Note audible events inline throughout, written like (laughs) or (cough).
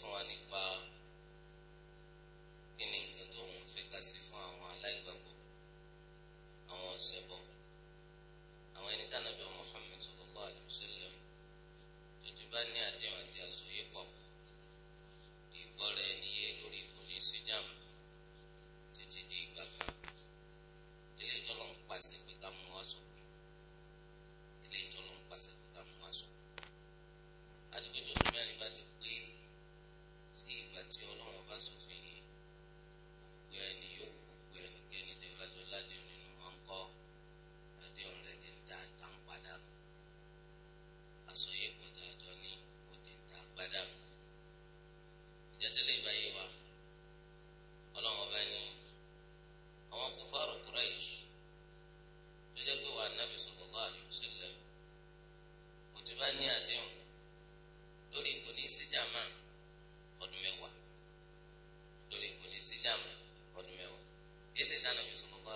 fulani ṣe jáàmù ọdún mẹ́wàá èsì dáná mi sọ̀rọ̀ bá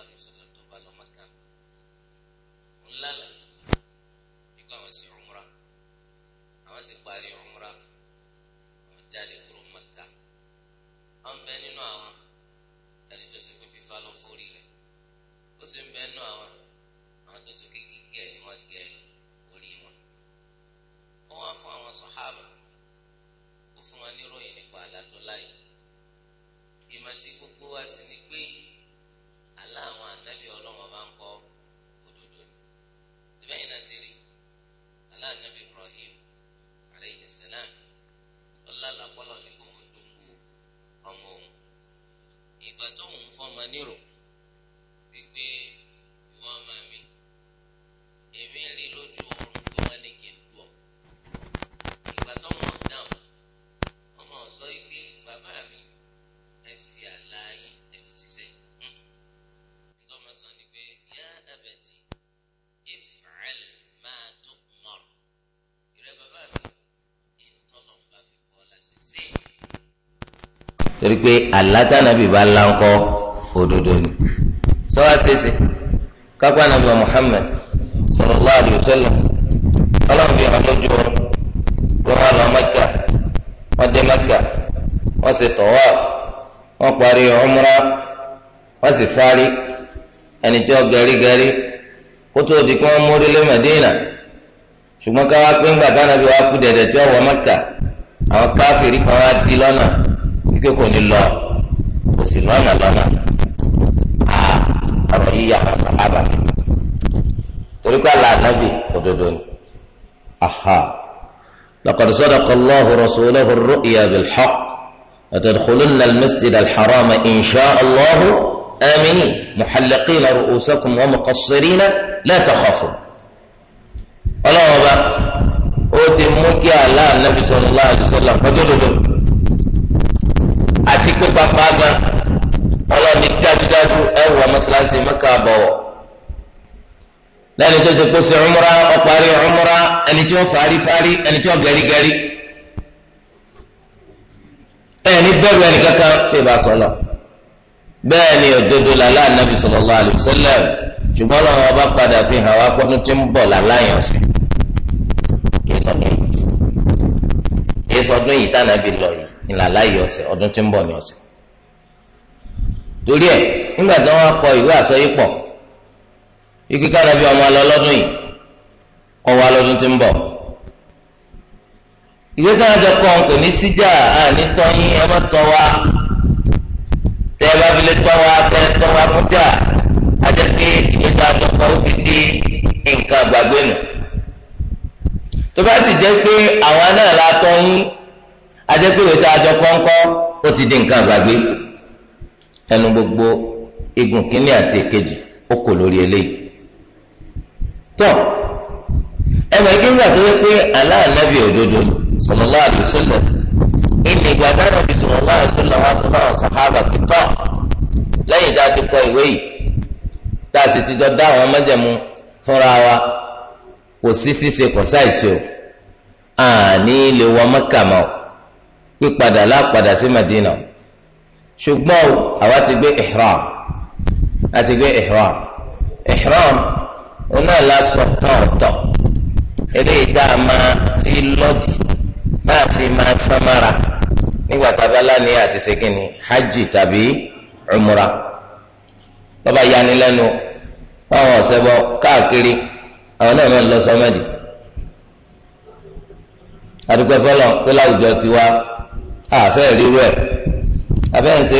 torí pé àlátà nàbì bá ńlá ńkọ òdodo ni sọ́wọ́ àṣeṣe kápá nàbì Muhammad sallallahu alaihi wasallam ọlọ́run fi hàn lójú oorun wọ́n wá lọ Mẹ́kà wọ́n dé Mẹ́kà wọ́n sì tawaf wọ́n parí umrah wọ́n sì fárí ẹni tí wọ́n gẹrígẹrí kó tó di pé wọ́n mórí lé Mẹ́dínà ṣùgbọ́n káwá pé ńgbà kánàbì wàá kú dẹ̀dẹ̀ tí wọ́n wọ Mẹ́kà àwọn káfíìrì kan wá di lọ́nà. ike kò ní lọ kò sì lọ́nà lọ́nà a ọ̀rọ̀ yìí yà pàṣẹ ábà torí pé àlà ànábì òdodo ni aha laqad sadaqa Allahu rasulahu ar-ru'ya bil-haqq لتدخلن المسجد الحرام إن شاء الله آمنين محلقين رؤوسكم ومقصرين لا تخافون ọlọ́wọ́ bá ó ti mú kí àlá ànábì sallallahu alaihi wasallam kọjọ́ dodo àti pípa pàápàá ọlọ́ọ̀ni dájúdájú ẹ̀rù wa mọ́ṣáláṣí mẹ́ka bọ̀wọ̀ lẹ́ni tó ṣe kó ṣe ọmúra ọ̀parí ọmúra ẹni tí ó fárífárí ẹni tí ó gẹ̀rígẹ̀rí ẹni bẹ́ẹ̀rù ẹni kankan tó ìbá sọ̀lọ̀ bẹ́ẹ̀ ni òdodo làlá ànábì sallallahu alaihi wasallam ṣùgbọ́n làwọn ọba padà fi hàn wá pọ́nú tí ń bọ̀ làlá yàn sí ìsọdún yìí yìí tànàbí lọ yìí. ìlàlá yìí ọ̀sẹ̀ ọdún tí ń bọ̀ ní ọ̀sẹ̀ torí ẹ̀ nígbà tí wọ́n kọ ìwé àsọyípọ̀ ikú kára ọmọ alọ lọ́dún yìí kọ́ wa lọ́dún tí ń bọ̀ ìwé jọ kọ́ kò ní síjà àní tọ́yín ẹ tọ́ wa tẹ́ ẹ bá fi lè tọ́ wa tẹ́ ẹ tọ́ wa fún jà pé ìwé kọ́ ó adékòwé tá a jọ kọ́ńkọ́ ó ti di nǹkan àgbàgbé ẹnu gbogbo igun kínní àti èkejì ó kò lórí eléyìí tọ ẹnu ìgbìngbà tó yẹ pé aláàánábì òdodo sallallahu alaihi ìní ìgbà dáná bí sallallahu alaihi wá sọ fáwọn sàhábà fi tọ lẹ́yìn tá a ti kọ ìwé yìí tá a sì ti jọ dá àwọn mẹjẹmú fúnra wa wọ o. pípadà lápadà sí Madina ṣùgbọ́n àwa ti gbé ihram àti gbé ihram ihram onáà lásọ tán ọ̀tọ̀ eléyìí tá a máa fi lọ́dì bá a sì máa sámára nígbà tábà lánìí àti sèkìnì hajj tàbí umra lọ́ba yanilẹ́nu báwọn ọ̀sẹ̀ bọ káàkiri àwọn náà máa adúgbò fọlọ́ pé láwùjọ ti àfẹ́ ríru ẹ̀ abẹ́ ẹ̀ ṣe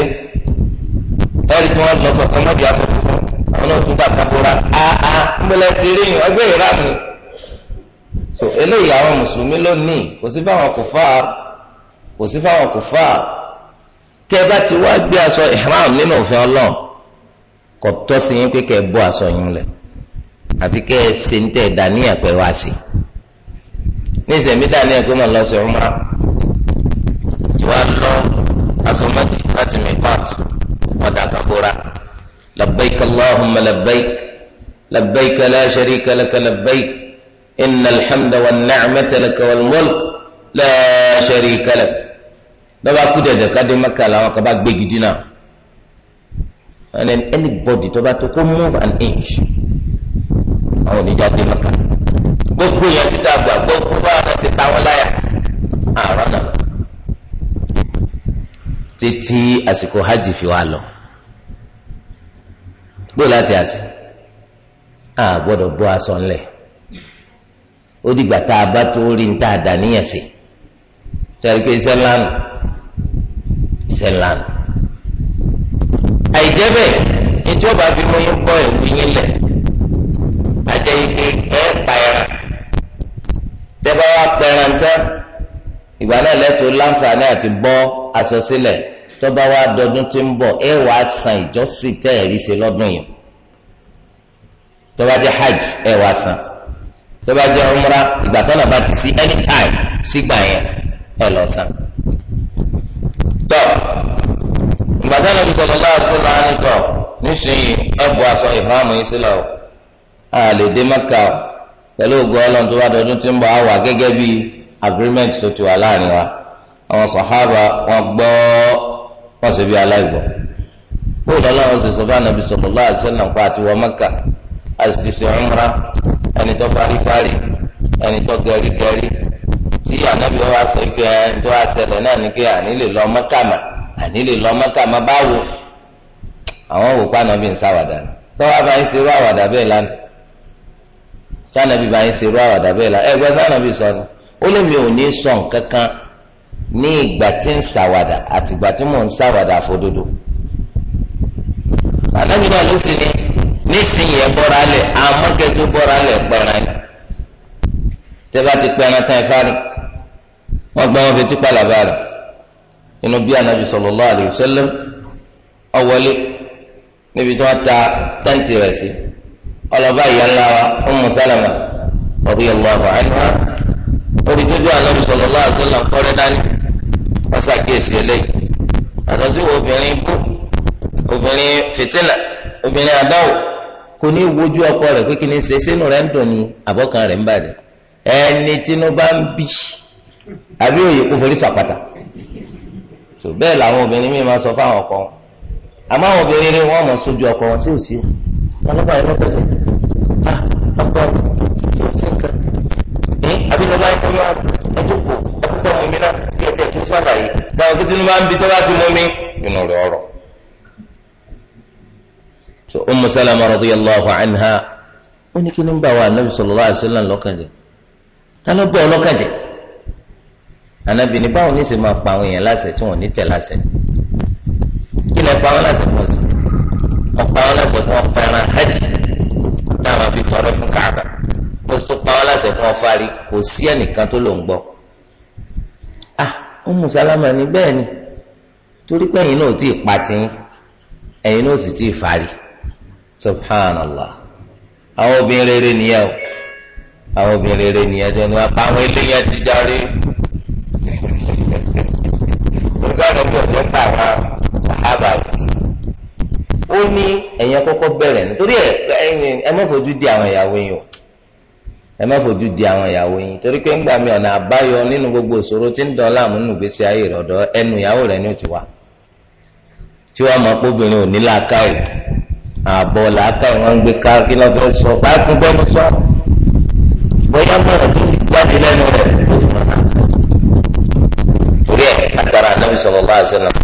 ẹ̀rí tí wọ́n lọ sọ kan mọ́bí aṣọ funfun àwọn náà tún bàtà bóra àá mbẹ́lẹ̀ ti rí yìn ọgbẹ́ so eléyìí àwọn mùsùlùmí lónìí kò sí fáwọn kò fà á kò sí fáwọn kò fà á tẹ bá ti wá gbé aṣọ ìhram nínú òfin ọlọ́run kò tọ́ sí yín pé kẹ́ ẹ bọ́ aṣọ yín lẹ̀ àfi kẹ́ ẹ ṣe ń tẹ̀ dání ẹ̀pẹ́ wá sí ní ìsẹ̀mí dání tí wàá lọ aṣọ mẹ́tì láti mi pàt ọ̀dà kàkóra labbaik allahumma labbaik labbaik la sharika laka labbaik inna alhamda wa ni'mata laka wal mulk la sharika lak bàbá kú dẹ̀dẹ̀ ká dé maka làwọn kan bá gbégi dínà and then anybody tó bá tó kó move an inch àwọn oníjà dé maka gbogbo yẹn tó tà gbà gbogbo bá wọn ṣe táwọn láyà àárọ̀ náà títí àsìkò hajj fi wá lọ gbó láti àsè a gbọ́dọ̀ bọ́ aṣọ ńlẹ̀ ó dìgbà tá a bá tó rí níta àdáníyàn sí sọrí pé iṣẹ́ ńlá nù iṣẹ́ ńlá nù àìjẹ́ bẹ́ẹ̀ ètò ọba fi mú yín bọ́ ìwé yín lẹ̀ ajẹ́ ike ẹ̀ pààyàn tẹ́ bá wá pẹ̀ràn ìgbà náà lẹ́tọ̀ọ́ láǹfààní àti bọ́ aṣọ sílẹ̀. Si tọ́ba wa dọdún tí ń bọ̀ ẹ wàá san ìjọsìn tẹ́ ẹ̀ rí ṣe lọ́dún yìí tọ́ba jẹ́ hajj ẹ wàá san tọ́ba jẹ́ umra ìgbà tọ́nà bá ti sí anytime sígbà yẹn ẹ lọ san. tọ́ ìgbàdàn nàbí sọlọ́lá àti láàrin tọ́ nísìnyí ẹ bọ́ aṣọ ìfọ́nmù yìí sílẹ̀ o a lè dé mẹ́ka o pẹ̀lú ògùn ọlọ́run tó bá dọdún tí ń bọ̀ á gẹ́gẹ́ bí agreement tó ti wà láàrin wa àwọn sàhábà wọn gbọ́ wọ́n ṣe bí aláìgbọ́ O lọ́lọ́run ọzọ sọ fún anabi sallallahu alaihi na pa àti wọ mẹ́kà àti ṣe umra ẹni tó fárífárí ẹni tó tí anabi wa sọ pé ẹni tó wá ṣẹlẹ̀ náà ni pé lọ mẹ́kà mà àní lè lọ mẹ́kà mà báwo àwọn wò pa àwàdà bẹ́ẹ̀ àwàdà bẹ́ẹ̀ ẹgbẹ́ ó mi ò sọ nǹkan kan ní ìgbà tí ń ṣàwàdà àti ìgbà tí mò ń ṣàwàdà àfọdodo ànábì náà ló sì ní nísìnyí ẹ bọ́ra lẹ̀ amọ́kẹ́tù bọ́ra lẹ̀ pẹ̀rẹ́ ni tẹ́bá ti pẹ̀rẹ́ tán ifá ni wọ́n gbọ́ wọn fi tú pàlàbà rẹ̀ inú bí ànábì sallallahu alaihi wasallam ọ̀wọ́lé níbi tí wọ́n ta tẹ́ǹtì rẹ̀ sí ọlọ́ba ìyá ńlá wa Ummu Salama radiyallahu anha orí dúdú ànábì sallallahu alaihi wasallam kọ́rẹ́ wọ́n ṣàkíyèsí eléyìí àtọ̀ sí obìnrin bú obìnrin fìtínà obìnrin àdáwò kò ní wojú ọkọ rẹ̀ pé kí ni ṣe sínú rẹ̀ ń dùn ní àbọ̀kan rẹ̀ ń bàjẹ́ ẹni tínú bá ń bì àbí òye kò forí sàpàtà tó bẹ́ẹ̀ làwọn obìnrin míì máa sọ fáwọn ọkọ wọn àmọ́ àwọn obìnrin rí wọ́n mọ̀ sójú ọkọ wọn sí òsì ọlọ́pàá yìí lọ́pọ̀ tó ah, ọkọ tí ó sì ń kẹ́ àbí lọ́ba ẹ̀kọ́ yóò ẹjọ́ kò mí náà kí ẹ tẹ̀ tó sàlàyé dáhùn kí tinubu bá ń bi tó bá ti mú mi inú rẹ̀ ọ̀rọ̀. so Ummu Salama radiyallahu anha ó ní kí ni ń bá wa anabi sallallahu alaihi wasallam lọ́kàn jẹ́ ta ló bẹ́ ọ anabi ní báwo ní sì máa pa àwọn èèyàn láṣẹ tí wọn ní tẹ̀ láṣẹ kí lẹ pa wọn láṣẹ fún ọsùn ọ̀pá wọn láṣẹ fún ọ̀pá ẹran hajj táwọn fi tọrẹ fún káàbà ó sì tún pa wọn láṣẹ fún ọfárí kò sí ẹnìkan tó lò ń gbọ́. Ummu Salama ní bẹ́ẹ̀ ni torí pé ẹ̀yin náà tí ì pa tiyín ẹ̀yin náà sì tí ì fari subhanallah àwọn obìnrin rere nìyẹn o àwọn obìnrin rere nìyẹn jọ ni wọn pa àwọn eléyàn ti járe olùkọ́ni ọgbọ́n ọjọ́ pa àwọn sàhábà ó ní ẹ̀yin kọ́kọ́ bẹ̀rẹ̀ nítorí ẹ̀ ẹ̀ ẹ̀ mọ́fojú di àwọn ìyàwó yìí o ẹ má fojú di àwọn ìyàwó yín torí pé ńgbà mi ọ̀nà àbáyọ nínú gbogbo ìṣòro tí ń dán láàmú nínú ìgbésí ayé rẹ̀ ọ̀dọ̀ ẹnu ìyàwó rẹ̀ ni ó ti wà tí wọ́n mọ̀ pé obìnrin ò ní làákàyè ààbọ̀ làákàyè wọ́n ń gbé ká kí lọ́ọ́ fẹ́ sọ bá kún bẹ́ẹ̀ bóyá mọ̀ràn tó sì jáde lẹ́nu rẹ̀ ló fún ọ náà torí ẹ̀ látara anábì sallallahu alaihi wasallam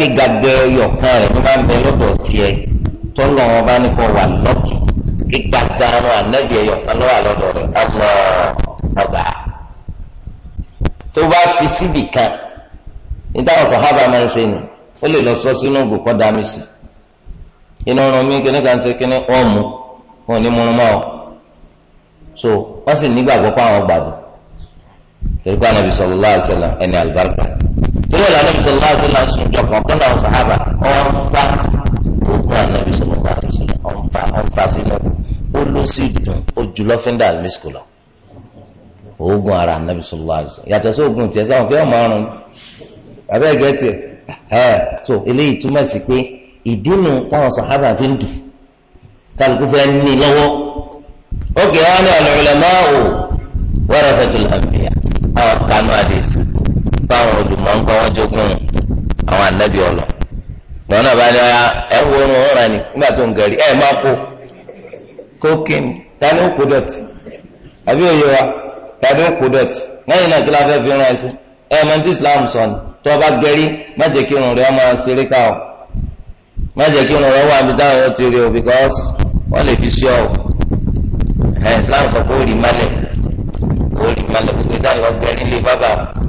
pé gàgẹ́ ọ̀kan rẹ̀ ní máa ń bẹ lọ́dọ̀ tiẹ̀ tó ń lọ wọn bá wà lọ́kì kí gàgẹ́ àwọn ànábì ọ̀kan lọ́wọ́ àlọ́dọ̀ rẹ̀ ọmọ ọgbà tó bá fi síbì kan ní táwọn máa ń ṣe nù sọ sínú ògùn kọ́ sí ọ̀run mi kíní kan ṣe kíní wọ́n mú wọn ní mọ́ ọ so wọ́n sì torí ẹ̀ lànà bisalòlá àti lànà sunjọ kọ̀ọ̀kan náà sàhábà ọ̀nfà ogun ànábi sọlọ́lá àti sọlọ́ ọ̀nfà ọ̀nfà sínú ó ló sì dùn ó ju lọ́fíńdà àlùmísìkò lọ oògùn ara ànábi sọlọ́lá àti sọlọ́ yàtọ̀ sí oògùn tiẹ̀ sáwọn fẹ́ ọmọ ọrùn abẹ́ẹ̀gẹ́ tiẹ̀ ẹ̀ tó eléyìí túmọ̀ sí pé ìdínú táwọn sàhábà fi ń dùn kálukú fẹ́ ní lọ́wọ́ ókè wọn bá wọn jogún àwọn ọlọ bá ní ẹ wo orun ọ̀ràn ni nígbà tó ń gẹ̀rí ẹ kó tani ó kó dọ̀tí àbí òye wa tani ó kó dọ̀tí Islam sọ ni tó o bá gẹ̀rí má jẹ́ kí irun rẹ ṣeré ká o má jẹ́ kí o because wọ́n lè fi ọ Islam sọ rí malẹ̀ rí malẹ̀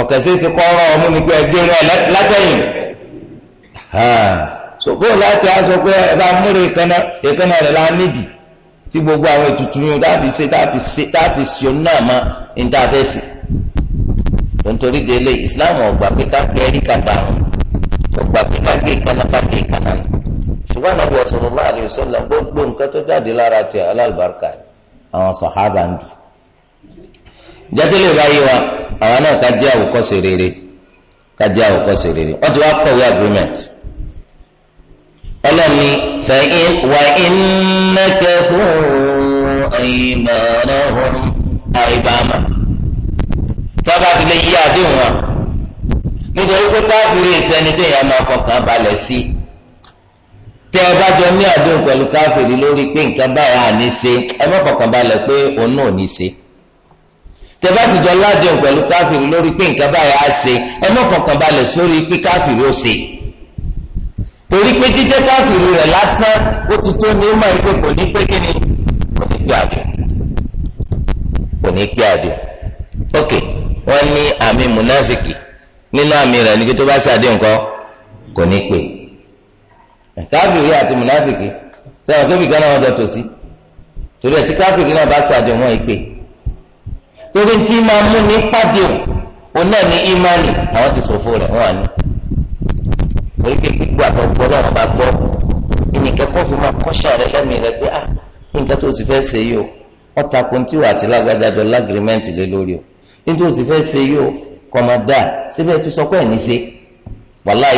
ọ̀kẹ́ ṣeéṣe kọ́ ọ̀rọ̀ ọmú ni pé ẹgbẹ́ rẹ̀ látẹ̀yìn ṣògbó láti á sọ pé ẹ bá múre ìkànnà ìkànnà rẹ̀ la nídì tí gbogbo àwọn ètùtù yìí táàfi ṣe táàfi ṣe táàfi ṣe náà mọ́ ìntàfẹ́sì nítorí délé ìsìláàmù ọgbà pé ká gé ẹrí kàgbà àrùn ọgbà pé ká gé ìkànnà ká gé ìkànnà ṣùgbọ́n àwọn ọ̀bọ̀ sọ̀rọ̀ láàrin ìṣọ̀lá gbogbo nǹkan tó jáde lára ti alálùbáríkà àwọn sàhábà ń dù jẹ́tẹ́lẹ̀ báyìí wa. àwọn náà ká jẹ́ àwòkọ́ṣe rere ká jẹ́ àwòkọ́ṣe rere wọ́n ti wá kọ̀wé agreement fẹ̀yìn wà fún ìmọ̀ràn àìbámà tọ́ba lè yí àdéhùn wa nítorí pé káfíìrì ìsẹ́ni tí èèyàn máa fọkàn balẹ̀ sí tẹ ẹ jọ ní àdéhùn pẹ̀lú káfíìrì lórí pé nǹkan báyà ní í ṣe ẹ má fọkàn balẹ̀ pé òun náà ní í ṣe. tẹ́básì jọ ládéhùn pẹ̀lú káfíìrì lórí pé nǹkan báyìí á ṣe ẹ má fọkàn balẹ̀ sórí pé káfíìrì ó ṣe torí pé jíjẹ́ káfíìrì rẹ̀ lásán ó ti tó ní mọ̀ pé kò ní pé kí ni kò ní pé àdé kò ní pé àdé ok wọ́n ní àmì mùnáfìkì nínú àmì rẹ̀ ní kí tó bá ṣàdéhùn kọ́ kò ní pé káfíìrì àti mùnáfìkì sẹ́wọ̀n kébìkan náà wọ́n jọ tòsí torí ẹ̀ tí káfíìrì náà bá ṣàdéhùn wọ́n ì torí tí máa mú ní pàdé o òun náà ní ìmánì àwọn ti sòfò rẹ̀ wọ́n ni torí pé gbígbó àtọ̀gbọ́ lọ́wọ́ bá fi máa rẹ lẹ́mìí rẹ pé ah nǹkan tó sì fẹ ṣe yìí o tí wàá ti lágbájá jọ lágrímẹ́ǹtì lé lórí o nítorí sì ṣe yìí o kọ́ máa dáa síbẹ̀ tó sọ pé ẹ̀ ní ṣe wàhálà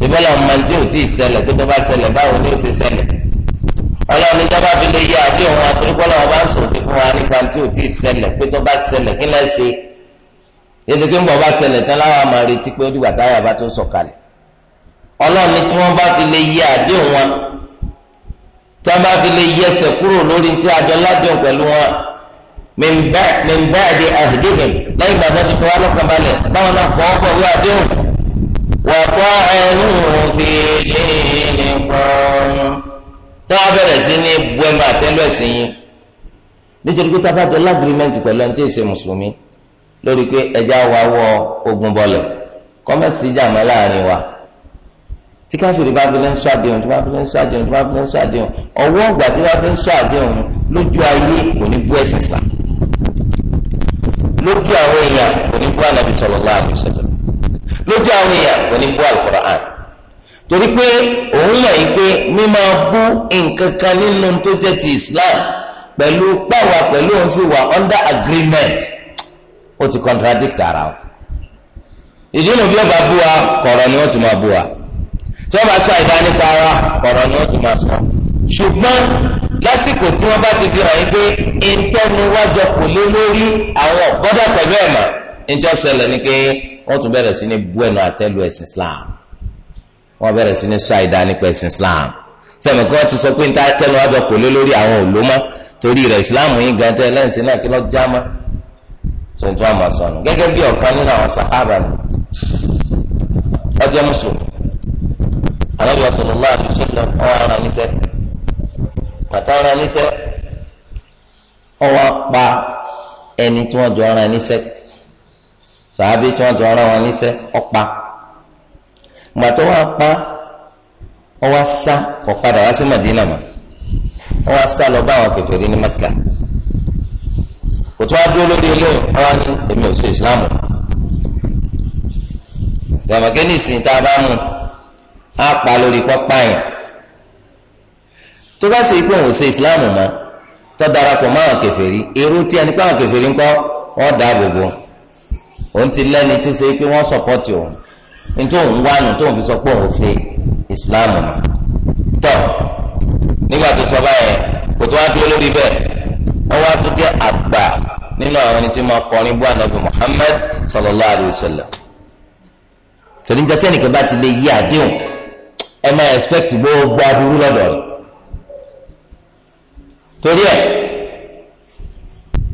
tìbọ́lá ọmọ tí ò tí ì ṣẹlẹ̀ pé tó bá ṣẹlẹ̀ báwo ni ó ṣe ṣẹlẹ̀ ọlọ́run ìjọba fi lè yé àdéhùn àtúrúkọ́lọ́ wọn bá ń sòfin fún wa nípa tí ò tí ì ṣẹlẹ̀ pé tó bá ṣẹlẹ̀ kí lẹ́ ṣe yẹsẹ pé ń bọ̀ bá ṣẹlẹ̀ tán láwọn àmọ́ retí pé ó dìgbà táyà bá tó sọ̀kalẹ̀ ọlọ́run tí wọ́n bá fi lè yé àdéhùn wọn tí wọ́n bá fi lè yẹsẹ̀ kúrò lórí tí àjọ ládùn pẹ̀lú wọn mẹ́ńbẹ́ẹ̀dì àdéhùn lẹ́yìn ìgbà ti fọwọ́ lọ́kàn balẹ̀ وطعنوا في دينكم táwọn bẹ̀rẹ̀ sí ní bu ẹnu àtẹ́lú ẹ̀sìn yín nítorí pé tábà jọ lágrímẹ́ǹtì pẹ̀lú ẹni tí ì ṣe mùsùlùmí lórí pé ẹja wa wọ ogun bọlẹ̀ kọ́mẹ́sì jàmọ́ láàrin wa tí káfíìrì bá fi lè ń sọ àdéhùn tí bá fi lè ń sọ àdéhùn tí bá fi lè ń sọ àdéhùn ọwọ́ ọ̀gbà tí bá fi ń sọ àdéhùn lójú ayé kò ní bú ẹ̀sìn Islam lójú àwọn èèyàn kò ní bú ànábì sallallahu alaihi wasallam lójú àwọn èèyàn kò ní bú alukur'an torí pé òun mọ̀ yìí pé mímọ bú nǹkan kan islam pẹ̀lú pẹ̀lú òun sì wà under agreement ti contradict ara o ìdí bí ni ti máa bú wa tí wọ́n bá sọ ni ti máa sọ ṣùgbọ́n lásìkò tí wọ́n ti fi hàn yín pé kò lé lórí àwọn pẹ̀lú ẹ̀mọ́ ìjọ wọ́n tún bẹ̀rẹ̀ sí ní bú àtẹ́lu ẹ̀sìn Islam wọ́n bẹ̀rẹ̀ sí ní sọ àìdá nípa ẹ̀sìn Islam sẹ́mi kí wọ́n ti sọ pé níta torí rẹ̀ Islam yìí gan tẹ́ lẹ́sìn náà kí lọ́ já mọ́ tó tún àmọ́ gẹ́gẹ́ bí ọ̀kan nínú sàábí tí wọ́n tún ara wọn níṣẹ́ ọ̀pá ìgbà tó wá pa ọ wá sá wá Madina ma ọ wá sá lọ bá àwọn kèfèrí ní Mẹ́kà kò wá dúró lórí ilé ọwọ́ ní èmi ò sí Islam sàmàkẹ́ ní tá a bá mú a pa lórí pọ́pá yẹn tó bá sì pé òun ò sí Islam tó darapọ̀ mọ́ òun ti lẹ́ni tó ṣe pé wọ́n sọ̀pọ́tì òun nítorí òun wá nù tóun fi sọ pé òun ṣe islam nù tọ́ nígbà tó sọ báyẹn kò tó wá dúró lórí bẹ́ẹ̀ wọ́n wá tó jẹ́ àgbà nínú àwọn ẹni tí máa kọrin bú ànábì Muhammad sallallahu alayhi wa sallam torí níjọ́ tẹ́nìkan bá ti lè yí àdéhùn ẹ máa expect gbogbo aburú lọ́dọ̀ rẹ̀ torí ẹ̀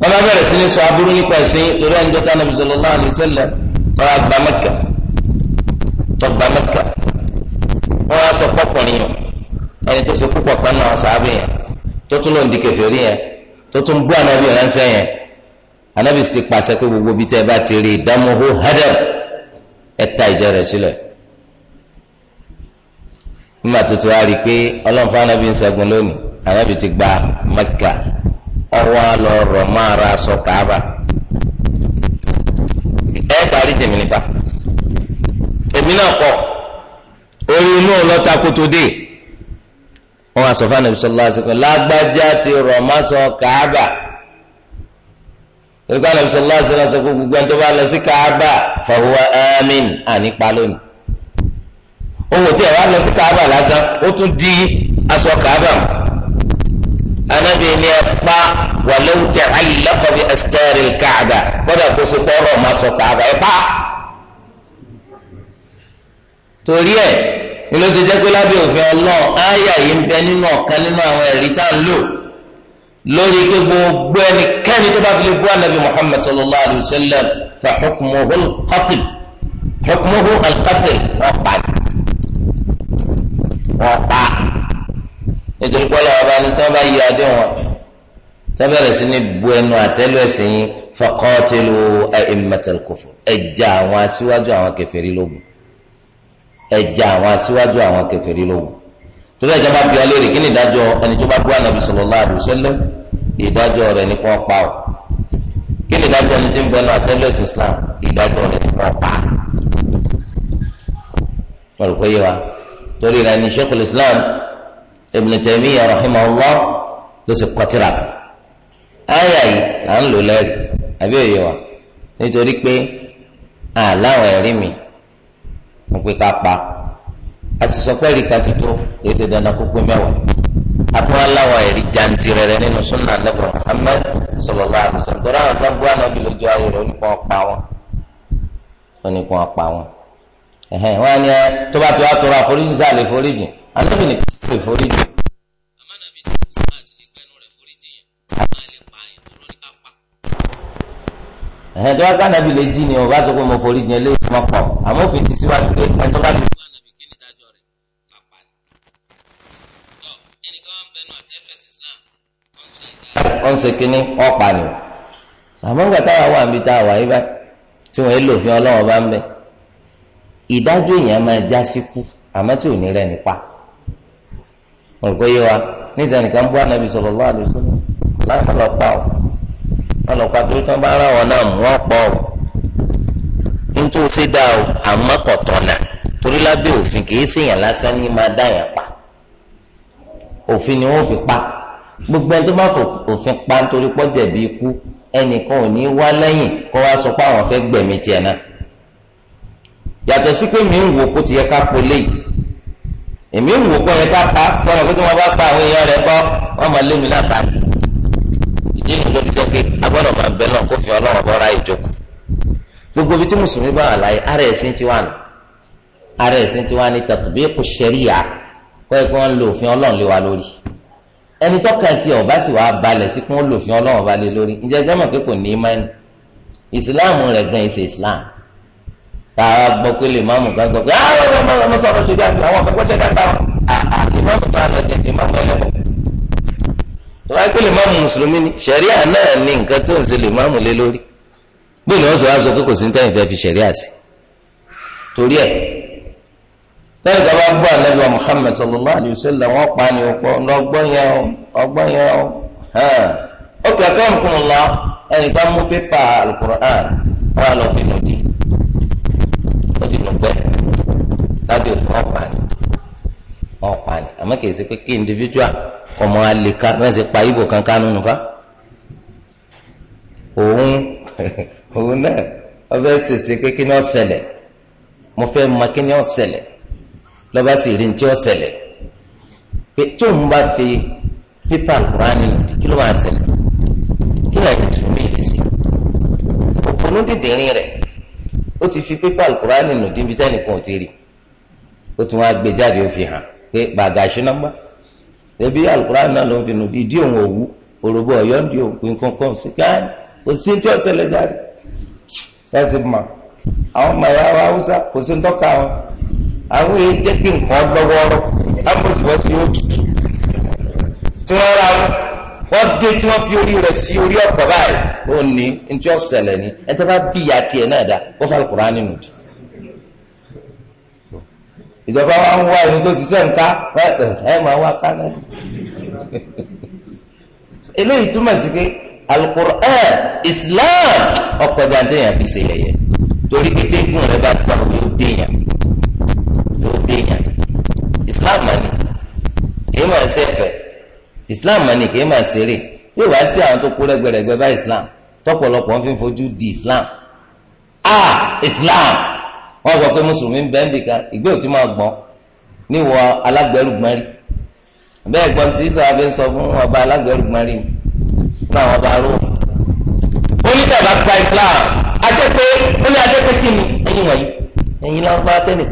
wọ́n bá bẹ̀rẹ̀ sí ní sọ aburú nípa ẹ̀sìn torí ẹni tó tá nàbì sallallahu alaihi wasallam tọ́ra gba Mẹ́kà tọ́gba Mẹ́kà wọ́n wá sọ pọ́kùnrin yẹn ẹni tó so púpọ̀ kan náà sàábì yẹn tó tún ló ń di kèfèrí yẹn tó tún bú ànábì ránṣẹ́ yẹn ànábì sì pàṣẹ pé gbogbo bí tẹ́ ẹ bá ti rí ìdámọ́hó hẹ́dẹ̀m ẹ ta ìjẹ́ rẹ̀ sílẹ̀ nígbà tó ti wá rí i pé ọlọ́run fún ànábì ń ṣẹ́gun lónìí ànábì ti gba Mẹ́kà ọwọ́ lọ rọ̀ mọ́ ara sọ kàába ẹ parí tèmi nípa èmi náà kọ orí inú ọlọ́ta kó tó dé wọn àsọfà nàbí sọlá àsìkò lágbájá ti rọ̀ mọ́ sọ kàába ìgbà nàbí sọlá àsìkò gbogbo ẹni tó bá lọ sí kàába fàwọn àmín ànípa lónìí owó tí ẹ wá lọ sí kàába lásán ó tún di aṣọ kàába mọ́ anabi ni ẹ pa wàlẹ́wù tẹ ayílẹ́kọ̀ bí ẹsítẹ́rì káàdà kọ́dà kó so kọ́rọ̀ máa sọ káàdà ẹ pa. torí ẹ ló ti jẹ́ pé lábẹ́ òfin ọlọ́run ááyà yìí ń bẹ nínú ọ̀kan nínú àwọn ẹ̀rí tá à ń lò lórí pé gbogbo ẹnikẹ́ni tó bá fi lè bú anabi muhammad sallallahu alayhi wa sallam fa hukmuhu alqatil hukmuhu alqatil wọ́n pa wọ́n pa nítorí pé ọlọ́wọ́ bá ní tí wọ́n bá yí adé wọn tábẹ̀rẹ̀ sí ní bu ẹnu àtẹ́lù ẹ̀sìn yín faqatilu a'immatal kufr ẹ̀já àwọn aṣíwájú àwọn kèfèrí lógun ẹ̀já àwọn aṣíwájú àwọn kèfèrí lógun torí ẹ̀já bá bí ọ léèrè kí ni ìdájọ́ ẹni tó bá bú ànábì sallallahu alaihi wasallam ìdájọ́ rẹ̀ ní kí wọ́n pa ọ́ kí ni ìdájọ́ ẹni tí ń bu ẹnu àtẹ́lù ẹ̀sìn Islam ìdájọ́ rẹ̀ ní kí pa á Ibn Taymiyyah rahimahullah ló sì kọ́ tírà kan ayé yìí à ń lò lẹ́rìí àbí òye wa nítorí pé àláwọ̀ ẹ̀rí mi fún pípa pa àṣìṣọpẹ́ ẹ̀rí kan tuntun kìí ṣe dandan kó pé mẹ́wàá àtúwọ́n aláwọ̀ ẹ̀rí jantirẹrẹ nínú sunna nebà Muhammad sallallahu alaihi wasallam tó ráwọn tó ń gbọ́ àná jùlọ ayé rẹ̀ oníkan ọ̀pá wọn ẹ̀hẹ́n wọ́n á ní ẹ tó bá ti wá tọrọ àforíjì sáà lè foríjì ànábì nìkan lè foríjì. ẹ̀hẹ́n tó bá ká ànábì lè jí ni o bá tó kó mo foríjì ẹ léyìn mọ́ pọ̀ àmọ́ òfin ti síwájú pé ẹ tó bá ti. wọ́n ṣe kínní ọ̀pá ni àmọ́ ń gbà táwa wà níbi táwa yìí báyìí tí wọ́n yé lòfin ọlọ́wọ́ bá ń bẹ́ẹ̀. ìdájọ́ èèyàn máa já sí kú àmọ́ tí ò ní rẹ̀ nípa ọ̀gbọ́n yé wa níta nìkan bú ànábì sallallahu pa ọ wọn lọ pa tó bá ara wọn náà mú wọn pọ ọ o àmọ́ kò tọ̀nà torí lábẹ́ òfin kì í ṣèyàn lásán ní dá pa òfin ni wọ́n fi pa gbogbo ẹni tó bá òfin pa nítorí bí ikú ẹnìkan ò ní wá lẹ́yìn kó wá sọ pé yàtọ̀ sí pé mi ń wò kó ti yẹ ká polé yìí èmi ń wò kó yẹ ká pa sọ̀rọ̀ pé tí wọ́n bá pa àwọn èèyàn rẹ̀ kọ́ wọ́n máa lé mi náà ká ní. ìdí ìlú tóbi jẹ́ pé a gbọ́dọ̀ máa bẹ náà kó fi ọlọ́run bọ́ra ìjókòó. gbogbo ibi tí mùsùlùmí bá wà láyé ara ẹ̀sìn ti wà ní ara ẹ̀sìn ti wà ní tàtúbí kò ṣẹ̀ríyà kọ́ ẹ̀ kí wọ́n lo òfin ọlọ́run lé wa lórí. ẹni tọ́ka ti ọ̀bá sì wá balẹ̀ sí kí wọ́n lo òfin ọlọ́run ba lé lórí ìjẹ́jẹ́ pé kò ní í mẹ́rin ìsìláàmù rẹ̀ gan ìṣe ìsìláàmù tààrà gbọ́ pé lè máàmù kan sọ pé àwọn ah, ọmọ ọmọ ọmọ sọ̀rọ̀ ṣùgbọ́n àti àwọn akẹ́kọ̀ọ́ ṣẹ̀dá ta ìmáàmù ah, ah, tó àlọ́ jẹ̀ ìmáàmù ẹlẹ́bọ̀. tó bá pé lè máàmù mùsùlùmí ni ṣẹ̀ríà náà ní nǹkan tó ń ṣe lè máàmù lé lórí bí ni wọ́n sọ wá sọ pé kò sí ní tẹ́yìn fẹ́ fi ṣẹ̀ríà sí. torí ẹ̀ lẹ́yìn tó bá gbọ́ ànábì wa Muhammad sallallahu alayhi wa sallam wọ́n pa ni ọ̀pọ̀ ọgbọ́n yẹn ọgbọ́n yẹn ó kẹ́kọ̀ọ́ nǹkan lọ ẹnìkan mú pépà alukur'an wọ́n á lọ fi nù dín lábẹ́ òfin ọ̀pàn ọ̀pàn àmọ́ kìí ṣe pé kí individual kọ̀ mọ́ àlèkà bẹ́ẹ̀ ṣe pa ibo kan kánú nufa òun (laughs) òun náà ọbẹ̀ ṣèṣe pé kí ni ó ṣẹlẹ̀ mo fẹ́ mọ kí ni ó ṣẹlẹ̀ lọ́ba sì rí ní tí pé tí òun bá fi pípà kúránì kí ló máa ṣẹlẹ̀ kí ni àyè tùmí ìfèsì òpònú dìde rin rẹ̀ ó ti fi pípà kúránì nù díbi tẹ́nìkan ò ti rí i ó tún wá gbé jáde ó fi hàn pé bàgà ṣínàmbá ẹbí alukuraan náà ló ń fi nù ìdí òun òwú òròbó ọ̀yọ́ ń di òun pín kankan sí káàní kò sí tí ó ṣẹlẹ̀ jáde láti mọ àwọn ọmọ ìyá wa haúsá kò sí ńdọ́ka wọn àwọn èyí jẹ́ kí nǹkan gbọ́wọ́rọ́ amọ̀sibọ́sí ó tutù tí wọ́n ra wọn wọ́n gé tí wọ́n fi orí rẹ̀ sí orí ọ̀pọ̀ báyìí ó ní ní ó ṣẹlẹ̀ ní ẹ tẹ́ bá bí ìyá tiẹ̀ náà dá ó fà alukuraan nínú di ìjọba wa ń wá ẹni tó ṣiṣẹ́ ńká ẹ máa wá ká náà eléyìí túmọ̀ sí pé alukur'an islam ọkọ̀ jantẹ́ yẹn fi ṣe yẹyẹ torí kété gùn rẹ bá tán yóò déyàn yóò déyàn islam mani kìí máa ṣe ẹ̀fẹ̀ islam mani kìí máa ṣeré yóò wá sí àwọn tó kú rẹ́gbẹ̀rẹ́gbẹ̀ bá islam tọ́pọ̀lọpọ̀ ń fi fojú di islam ah islam. wọ́n sọ pé mùsùlùmí ń bẹ́ẹ̀ nìkan ìgbé òtí máa gbọ́n níwọ̀ alágbẹ̀rùgbọ́n rí bẹ́ẹ̀ gbọ́n tí sàbẹ̀ ń sọ fún ọba alágbẹ̀rùgbọ́n rí fún àwọn ọba arúgbó. ó ní Islam ajẹ́pẹ́ ó ní kí ni ẹ̀yin wọ̀nyí ẹ̀yin náà bá yín nínú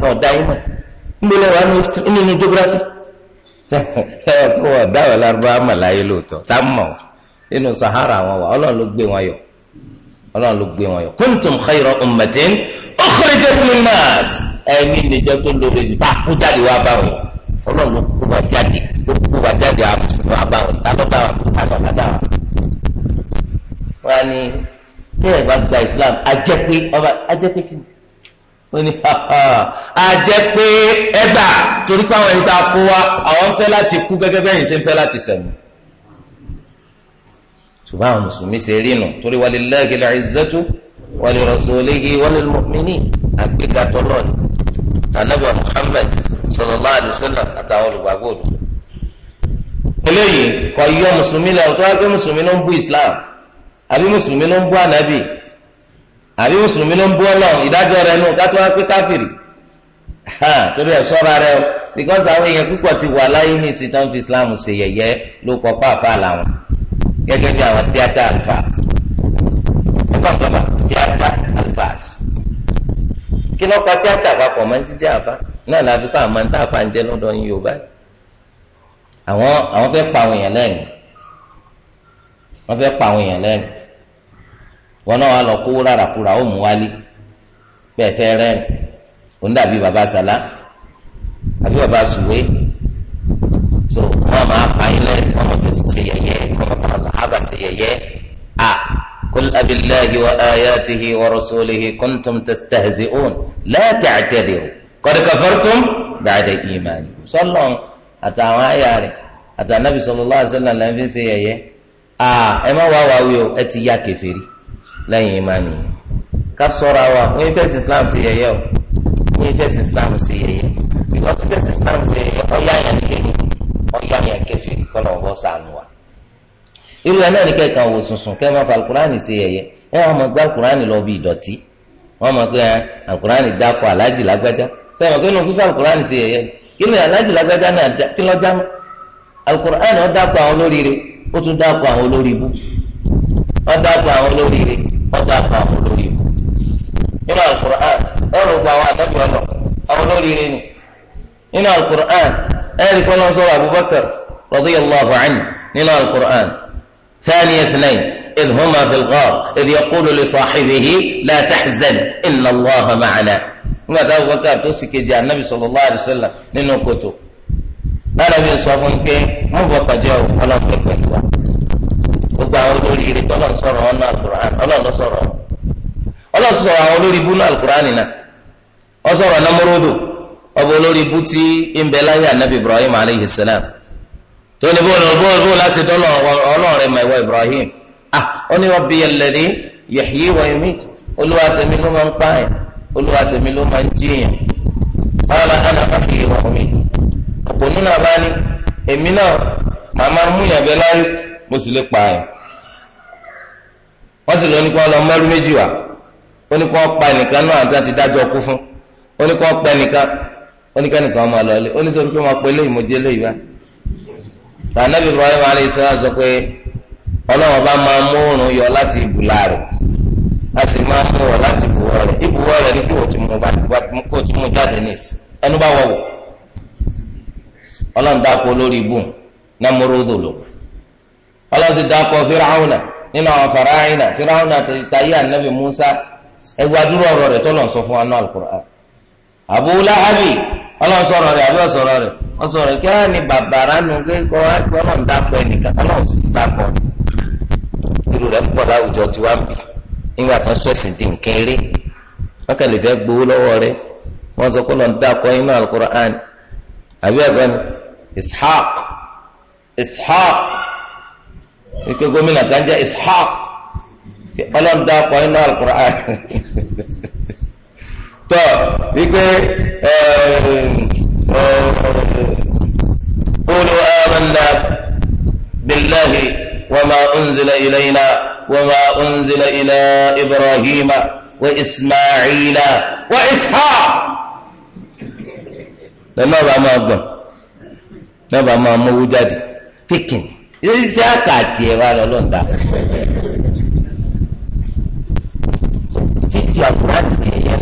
geography kó ọ̀dà mọ̀ láyé lóòótọ́ tá mọ̀ Sahara wà ọlọ́run ló gbé wọn yọ̀ ọlọ́run ló gbé wọn yọ kuntum khayra ummatin ukhrijat linnas ẹni níjọ tó lóore ju tá a kú jáde wá bá wọn ọlọ́run ló kú wa jáde ló kú wa jáde àbùsùnmọ́ wá bá wọn tálọ́ bá wọn tálọ́ bá dá wọn. bá gba Islam ajẹ́ pé ọba ajẹ́ pé kí ni wọ́n ní ajẹ́ pé ẹgbà torí pé àwọn ẹni tá a kó wa àwọn fẹ́ láti kú gẹ́gẹ́ bẹ́ẹ̀ ṣùgbọ́n àwọn mùsùlùmí ṣe rí nù torí walillahi al-izzatu wa li rasulihi wa lil mu'minin àgbéga tọ́lọ́ọ̀nì anabi muhammed sallallahu alayhi wa sallam àtàwọn olùgbàgbọ́ òdu. eléyìí kò yọ mùsùlùmí lẹ ọ̀tọ́ wá pé mùsùlùmí ló ń bú islam àbí mùsùlùmí ló ń bú anabi àbí mùsùlùmí ló ń bú ọlọ́run ìdájọ́ rẹ nù ká wá pé káfìrì torí ẹ̀ sọ́ra rẹ o because àwọn èèyàn púpọ̀ ti wà láyé ní ìsìn fi islam ṣe yẹ̀yẹ́ ló kọ́ pàfà làwọn gẹ́gẹ́ bí àwọn tíátà alfa ẹ̀kọ́ ìjọba tíátà alfas kí ló kọ tíátà àpapọ̀ máa ń jíjẹ́ àfa náà láfi pa àmọ́ tá àfa ń jẹ́ lọ́dọ̀ yín yóò báyìí àwọn àwọn fẹ́ pa àwọn èèyàn lẹ́yìn wọ́n fẹ́ pa àwọn èèyàn lẹ́yìn wọn náà wà lọ kó rárakúra ó mú wálé bẹ́ẹ̀ fẹ́ rẹ́rìn òun dàbí baba sàlá àbí baba sùwé. so wọn máa fa yín lẹ wọn máa fẹsẹ̀ ṣe yẹ̀yẹ́ wọn máa fara sàhábà ṣe yẹ̀yẹ́ a kul abillahi wa ayatihi wa rasulihi kuntum tastahzi'un la ta'tadiru qad kafartum ba'da imani sọlọ àtàwọn àyà rẹ àtànàbì sallallahu alaihi wasallam lẹ́yìn fi ṣe yẹ̀yẹ́ a ẹ má wá wá wí o ẹ ti yá kẹfẹ́rí lẹ́yìn imani ká sọ̀rọ̀ wa wọ́n yín fẹ́sẹ̀ islam ṣe yẹ̀yẹ́ o wọ́n yín fẹ́sẹ̀ islam ṣe yẹ̀yẹ́ because fẹ́sẹ̀ islam ṣe yẹ̀yẹ́ ọ yẹn ni Ọ yẹn kẹfìrí kọlọ ọbọ sànù wa irú ẹ náà ní kẹkàn wò sùnsùn kẹ máa fa alukurani ṣe yẹ̀yẹ́ ẹ wọn máa gbé alukurani lọ bí ìdọ̀tí wọn máa gbé alukurani dákọ alájì lágbájá sẹwọn kí ló fífa alukurani ṣe yẹ̀yẹ́ kí ló alájì lágbájá náà kí lọ alukurani dákọ àwọn olóríire ó tún dákọ àwọn dákọ àwọn olóríire dákọ àwọn nínú alukurani ẹ̀rí kọ́ lọ́n sọ̀rọ̀ abubakar radiyallahu anhu nínú alukur'an thaniya thnayn idh huma fil ghar idh yaqulu li sahibihi la tahzan inna allaha ma'ana nígbà tí abubakar tó sì kejì anabi sallallahu alayhi wa sallam nínú kòtò lára bí sọ fún pé wọn bọ pàjẹ ọlọpàá pẹ̀lú wa gbogbo àwọn olórí ire tọ́lọ̀ sọ̀rọ̀ ọ̀nà alukur'an ọlọ́ọ̀lọ́ sọ̀rọ̀ ọlọ́ọ̀ sọ̀rọ̀ àwọn olórí ibùnú alukur'an náà ọ sọ̀rọ̀ namurudu ọba olórí ibú tí ń bẹ láyé anabi ibrahim aleyhi salam tó ní bó lọ bó bó láti dọ́lọ̀ ọlọ́ọ̀rẹ́ mọ̀ ẹ̀wọ̀ ibrahim ah ó ní wọ́n bí ẹlẹ́dí yẹ̀hí wọ́n yẹ̀mí olúwa tẹ̀mí ló máa ń pààyàn olúwa tẹ̀mí ló máa ń jíyàn báwa ana fàkì wọ́n mi ọ̀pọ̀ nínú abáni èmi náà màá máa mú yàn mo sì lè pààyàn wọ́n sì lọ nípa ọlọ́ mẹ́rú méjì wá ó ní kó pa ẹnìkan náà àti àti kú fún ó ní kó pa ẹnìkan oníkẹ́nìkan máa lọ ilé oníṣòro pé wọ́n pe léyìí mo jẹ́ tànàbí Ibrahim alayisalaam sọ pé ọlọ́wọ́n bá máa mú yọ láti rẹ̀ a sì máa mú wọ láti ibùwọ̀ rẹ̀ ibùwọ̀ rẹ̀ ni kí wọ́n ti mú kó ti mú jáde nìsí ẹnu bá wọ̀ wọ̀ ọlọ́run dákọ̀ lórí ibù námúrúdù lò ọlọ́run sì dákọ̀ fíráhùnà nínú Musa adúrú ọ̀rọ̀ rẹ̀ Abu Lahabi ọlọ́run sọ̀rọ̀ rẹ̀ àbí ọ̀sọ̀rọ̀ rẹ̀ ọ̀sọ̀rọ̀ kí wọ́n ní bàbàrà nù kéko ọlọ́run dàpọ̀ ẹnìkan ọlọ́run sì ti dàpọ̀ irú rẹ̀ pọ̀ láwùjọ tí wàá bì nígbà tó ń sọ ẹ̀sìn di nǹkan eré kàn lè gbowó sọ pé àbí ni Ishaq Ishaq gómìnà (laughs) tọ́ wípé qulu amanna billahi wa ma unzila ilayna wa ma unzila ila ibrahima wa isma'ila wa ishaq lọ́nà ọba máa gbọ̀n lọ́nà ọba máa mọ́wó jáde kíkìn iṣẹ́ àkàtì ẹ̀wà lọ́lọ́ǹda fífi àkùrá ti ṣe ẹ̀yẹ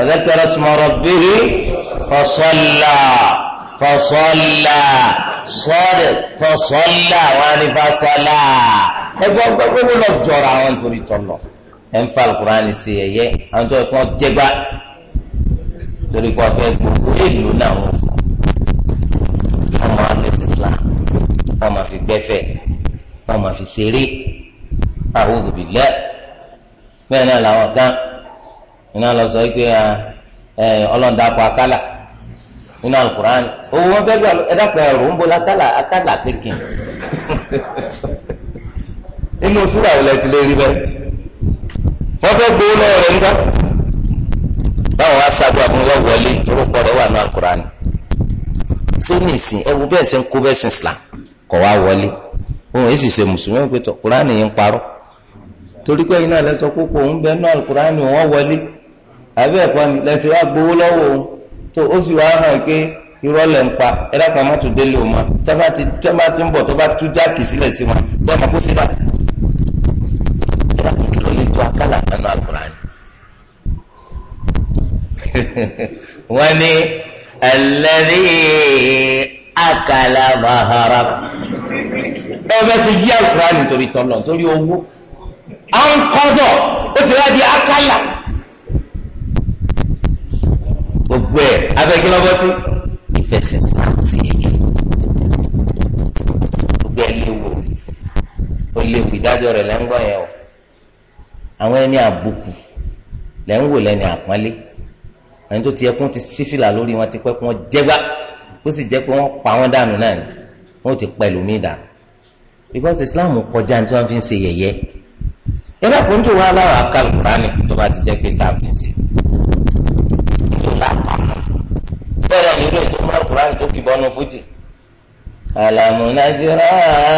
وذكر اسم ربه فصلى فصلى صاد فصلى وأن فصلى ẹgbọn gbogbo ló lọ jọra àwọn nítorí tọlọ ẹ ń fa alukurani sí ẹyẹ àwọn tó yẹ kó jẹgba torí kó fẹ gbogbo èlò náà wọn fún ọmọ amẹsì islam wọn máa fi gbẹfẹ wọn máa fi ṣeré àwọn òbí lẹ bẹ́ẹ̀ náà làwọn kan. iná lọ sọ pé ah, eh, ọlọ́ọ̀dà kọ akálà nínú alukur'an owó wọn fẹ́ gbà ẹ dàpọ̀ ẹ̀rù akálà akálà (laughs) inú sùúrà wọlé ti lè rí bẹ́ẹ̀ wọ́n fẹ́ gbowó lọ́wọ́ rẹ̀ nígbà báwọn wá sábà fún wọn wọlé orúkọ wà ní alukur'an islam kọ̀ wá wọlé òun èsì ṣe mùsùlùmí pé yìí ń parọ́ torí pé iná kókó òun bẹ́ẹ̀ náà alukur'an wọ́n àbí ẹ̀kọ́ ni lẹ́sẹ̀ wá gbowó lọ́wọ́ òun tó ó sì wá hàn pé irọ́ ń pa ẹ̀rọ kan má tún délé òun mọ́ sábà tí tẹ́ bá ti ń bọ̀ tó bá tú jáàkì sílẹ̀ sí wọn sẹ́yìn kó sí bá ẹ̀rọ kìkì ló lè tó akálà nínú àkùrán (laughs) wọ́n ní ẹlẹ́rìí akálà bàhárà bẹ́ẹ̀ sì yí àkùrán nítorí tọ́lọ̀ nítorí owó à ń kọ́ bọ̀ ó sì rá di akálà. abẹ́ kí lọ́bọ́ sí ìfẹsẹ̀ islam sí èyí gbogbo ẹ̀ léwu ó léwu ìdájọ́ rẹ̀ lẹ́ńgbọ́ yẹn o àwọn ẹni àbùkù lẹ́ńwò lẹ́ni àpọ́nlé ẹni tó ti ẹkún ti sífìlà lórí wọn ti pẹ́ kí wọ́n jẹ́gbá ó sì jẹ́ pé wọ́n pa wọ́n dànù náà ni wọ́n ti pẹ̀lú mi dànù because islam kọjá tí wọ́n fi ń ṣe yẹ̀yẹ́ ẹ bá kó ń tó wá aláwọ̀ akáàlù rání tó bá ti jẹ́ pé tá a fi ń ṣe ní irú ètò mọ́ kúránì tó kì bọ́nu fújì. àlàmúnájírá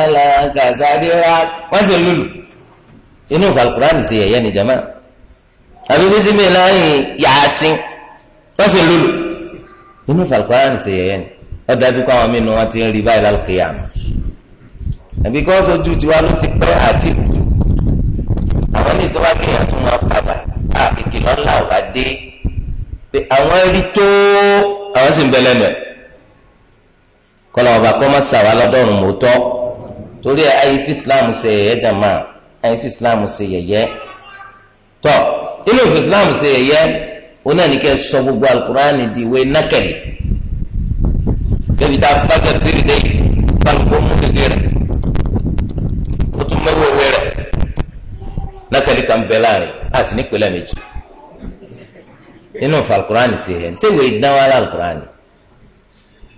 àlàgàzádírá wọ́n ti lùlù inú kàlùkùránì sí ẹ̀yẹ́ ni jama àbí bísímì láyìn yàásín wọ́n ti lùlù inú kàlùkùránì sí ẹ̀yẹ́ ni wọ́n dájú pé àwọn mìíràn wọn ti ń rí báyìí lálùkè àmọ́ àbí kí wọ́n sojú tiwa ló ti pẹ́ àti àwọn oníṣẹ́ wa kéèyàn tún wọn pàbà àkèké lọ́la ọ̀gá dé pé àwọn rí tó àwọn sì ń bẹ lẹ́nu ẹ̀ kọ́lá ọba kọ́ má sà wá lọ́dọ̀ọ̀rùn mọ́tọ́ torí ayé fi islam ṣe yẹ̀yẹ́ jàmá ayé fi islam ṣe yẹ̀yẹ́ tọ́ inú ìfi islam ṣe yẹ̀yẹ́ òun náà ní kẹ́ sọ gbogbo alukurani di ìwé nákẹ́lì débi tá a bá jẹ síri dé kálukó mú gègé rẹ ó tún mẹ́wọ́ òwe nákẹ́lì kan bẹ láàrin láti nípìnlẹ̀ méjì inú fa alukurani sí ẹ ṣéwèé dán wàhálà alukurani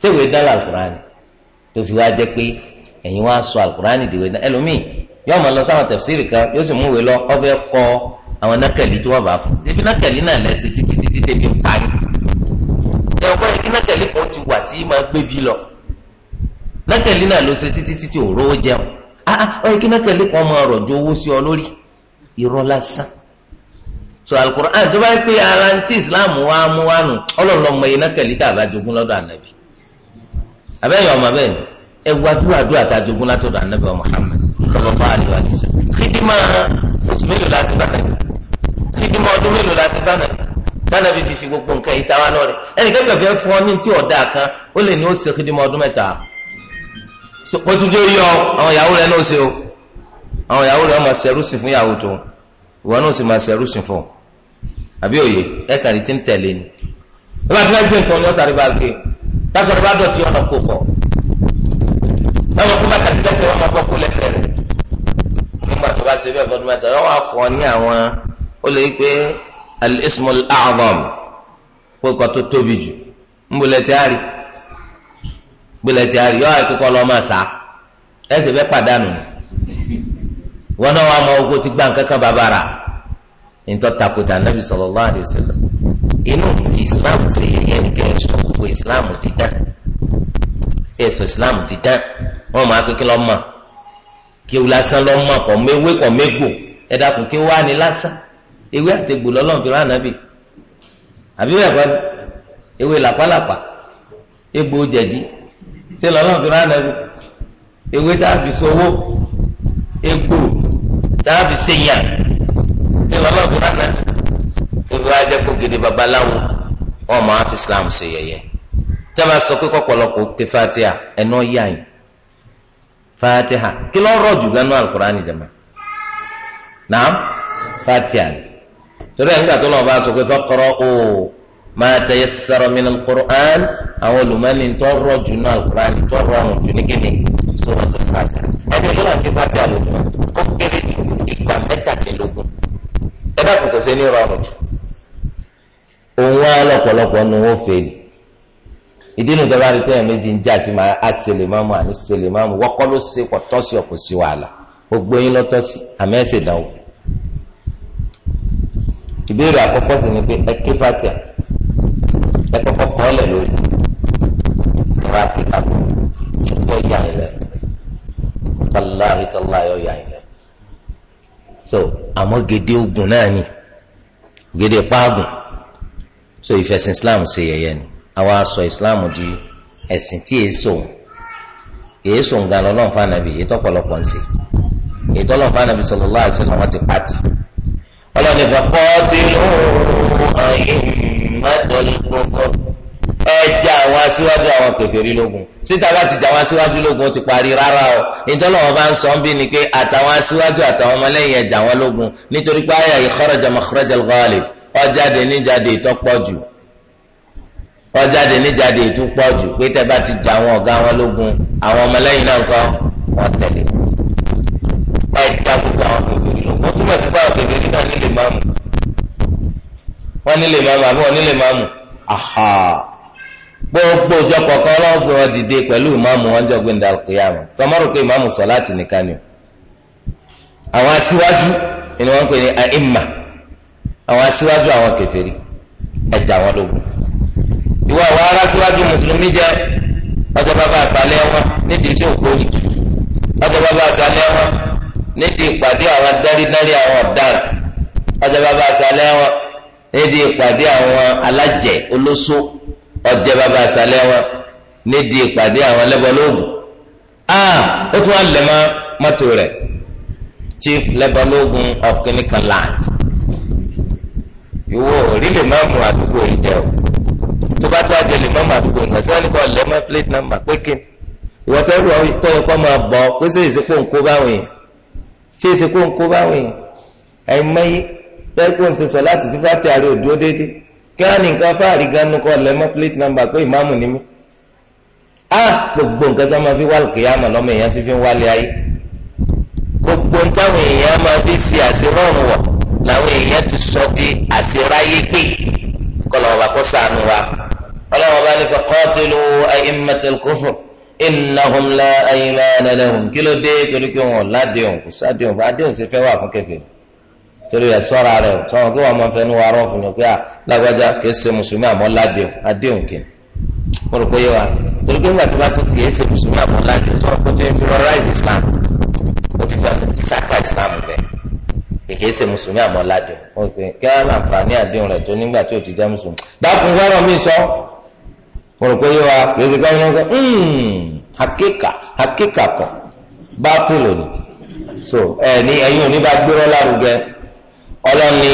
ṣéwèé dán wàhálà alukurani tó fi wá jẹ pé ẹ̀yin wá sọ alukurani dìwé dán ẹlòmíì yóò máa lọ sáwọn tẹfsiri kan yóò sì mú ìwé lọ ọfẹ kọ àwọn nákàlí tí wọn bá fún ebi nákàlí náà lẹsẹ títí títí tẹbi ń parí ẹ ọgbọ́n yẹn kí nákàlí kan ti wà tí máa gbébi lọ nákàlí náà ló ṣe títí títí òróró jẹun ah ah ọ yẹ kí nákàlí kan máa rọ̀jò owó sí ọ lórí irọ́ lásán so alukur'an tó bá yẹ pé ara ń tí islam wá mú wá nù ọlọ́run ọmọ yìí náà kẹ̀lé tá a bá jogún lọ́dọ̀ ànábì abẹ́yẹ ọmọ abẹ́yẹ ẹ wá dúwàdúwà tá a jogún látọ̀dọ̀ ànábì Muhammad sallallahu alaihi wasallam kídìmọ̀ oṣù mélòó láti bá nàbì kídìmọ̀ ọdún mélòó láti bá nàbì tánàbì fífi gbogbo nǹkan yìí táwa lọ́rẹ̀ ẹnì kẹ́kẹ́ fẹ́ fún ọ ní tí ọ̀dà kan ó lè ní ó ṣe kídìmọ̀ ọdún mẹ́ta ìwọ náà sì máa ṣẹrú sí fún ọ àbí òye ẹ kàn ti ń tẹ̀lé ni ìwọ àti láti gbé nǹkan ni wọ́n sáré bá gbé lásán bá dọ̀tí ọ̀nà kò fọ̀ báwọn kó bá kásí lẹ́sẹ̀ wọn máa gbọ́ kó lẹ́sẹ̀ rẹ̀ nígbà tó bá ṣe bẹ́ẹ̀ fọdún mẹ́ta wọ́n wá fọ́ ní àwọn ó lè pé al-ismul pé kọ́ tó tóbi jù ń bolẹ̀ tí a rí bolẹ̀ tí a rí yọ wọn náà wà máa wọ́pọ̀ ti gbà kankan bàbàrà nítorí takòtà nàbì sallallahu alaihi wasallam inú islam ṣe yẹ nìkan ẹ̀sọ́ gbogbo islam ti dán ẹ̀sọ́ islam ti dán wọn máa kékeré ọmọ kí ewu lásán lọ́mọ kọ̀ méwé kọ̀ mégbò ẹ̀dá kò kí wá ní lásán ewé àtẹ̀gbò lọ́lọ́run fi rán nàbì àbí wẹ̀ kọ́ ewé làpálàpá egbò jẹ̀dí ṣé lọ́lọ́run fi rán nàbì ewé tá a fi sowó egbò tàbí sèyàn ṣé bàbá àbúrò àná tó fi wá kó gidi babaláwo wọn máa fi Islam ṣe yẹ̀yẹ́ tẹ́lá sọ pé kọ́pọ̀lọpọ̀ ké fatiha ẹ̀nà yá yìí fatiha kí ló ń rọ̀ jù torí ẹ̀ tó lọ́wọ́ bá sọ pé ma tayassara min al-Qur'an àwọn olùmọ́ni tó rọ̀ jù náà al-Qur'an tó rọ̀ àwọn jù ní kíni suratul Fatiha ẹni tó náà ti Fatiha lójúmọ́ ó kéré ní ìgbà mẹ́tàdínlógún ẹ dákun kò sí ní rọrùn jù òun wá lọ́pọ̀lọpọ̀ nu wọn fèlè ìdí nu tọ́ba àdìtẹ́ méjì ń jà sí máa á sẹlẹ̀ máa àní sẹlẹ̀ máa wọ́kọ́ ló ṣe kọ́ tọ́sí ọ̀kọ́ sí wàhálà gbogbo yín lọ́tọ́ sí àmì ẹ̀sẹ̀ dánwò ìbéèrè àkọ́kọ́ sì ni pé ẹ ké Fatiha kọ́lẹ̀ lórí ra pípa kù yóò yà yín lẹ wàláhi tàlá yóò yà yín so àmọ́ gèdè ogun náà ni gèdè paagùn so ìfẹ̀sìn islam ṣe yẹ̀yẹ́ ni àwa sọ islam di ẹ̀sìn tí èé sòun èé sòun ganan ọlọ́run fànàbì èyí tọ́pọ̀lọpọ̀ ń ṣe èyí tọ́lọ́run fànàbì sallallahu alaihi wasallam ti pàtì ọlọ́run ìfẹ́ pọ́ọ́tì lóòrùn ayé mẹ́tẹ̀ẹ́lì gbọ́ngàn ẹ jà àwọn aṣíwájú àwọn kèfèrí lógun síta bá ti jà àwọn aṣíwájú lógun ó ti parí rárá o nítorí wọn bá ń sọ ń bí ni pé àtàwọn aṣíwájú àtàwọn ọmọlẹ́yìn ẹ jà wọn lógun nítorí pé àyà yìí kharaja makhrajal ghalib ọjáde níjáde ìtọ́pọ̀jù ọjáde níjáde ìtúpọ̀jù pé tẹ́ bá ti jà àwọn ọ̀gá wọn lógun àwọn ọmọlẹ́yìn náà kọ́ wọ́n tẹ̀lé ẹ jà gbogbo àwọn kèfèrí lógun ó túbọ̀ sí pé àwọn kèfèrí náà nílè máàmù wọ́n nílè máàmù àbí wọ́n nílè máàmù aha gbogbo ìjọpọ̀ kan ọlọ́run dìde pẹ̀lú ìmáàmù wọn jọ gbẹ̀ndà kìyàmù kọ́mọ́rò pé ìmáàmù sọ láti nìkan ni o àwọn aṣíwájú ni wọ́n ń pè ní àìmà àwọn aṣíwájú àwọn wọn lógun ìwọ àwọn aráṣíwájú mùsùlùmí jẹ ọjọ́ bàbá àṣálẹ́ wọn nídìí iṣẹ́ ògbóni ọjọ́ bàbá àṣálẹ́ wọn nídìí ìpàdé àwọn dáridári àwọn ọ̀daràn ọjọ́ bàbá àṣálẹ́ wọn nídìí ọjẹ bàbá àṣàlẹ wọn nídìí ìpàdé àwọn lẹbọ lóògùn ah ó tún wà lẹmọ mọ́tò rẹ̀ chief lẹbọ lóògùn of clinical land ìwọ rí lè má mú àdúgbò yìí jẹ o tó bá tó àjẹ lè má mú àdúgbò yìí jẹ sọ ni kò lẹmọ plate number pékin ìwọ tó rú tó yẹ kó máa bọ kó sì èsì kó ń kó báwọn ṣé èsì kó ń kó báwọn yìí ẹ̀yin mẹ́yìn tẹ́kùn ṣe sọ láti sí fàtí àárẹ̀ òdúró déédéé kí á ní nǹkan fáàrí ganu kọ lẹ́mọ́ plate number pé ìmáàmù ni mí á gbogbo nǹkan tó máa fi wá lùkìyà àmọ́ lọ́mọ èèyàn ti fi ń wálé ayé gbogbo táwọn èèyàn máa fi ṣe àṣírọ́rùn wọ̀ làwọn èèyàn ti sọ di àṣíráyé pé kọlọ́wọ́ bá kó sànù wa ọlọ́wọ́ bá ní faqatilu a'immatal kufr innahum la kí ló dé torí pé wọn ò ládéhùn kò sádéhùn torí ẹ sọ́ra rẹ o sọ́ra pé wọ́n máa fẹ́ nu arọ́ fún mi pé à lágbájá kìí ṣe mùsùlùmí àmọ́ ládìó àdéhùn kì mo rò pé yé wa torí pé nígbà tó bá ti kìí ṣe mùsùlùmí àmọ́ ládìó sọ́ra pé ó ń fi rọráìsì Islam ó ti fi àtẹ̀sáta Islam bẹ̀ kìí ṣe mùsùlùmí àmọ́ ládìó mo rò pé kí wọ́n máa fà ní àdéhùn rẹ tó nígbà tó ti jẹ́ mùsùlùmí hmm, hakika hakika kọ báàtì lónìí so ẹ ní ẹyin ò ní bá gbéró lárugẹ ọlọ́ni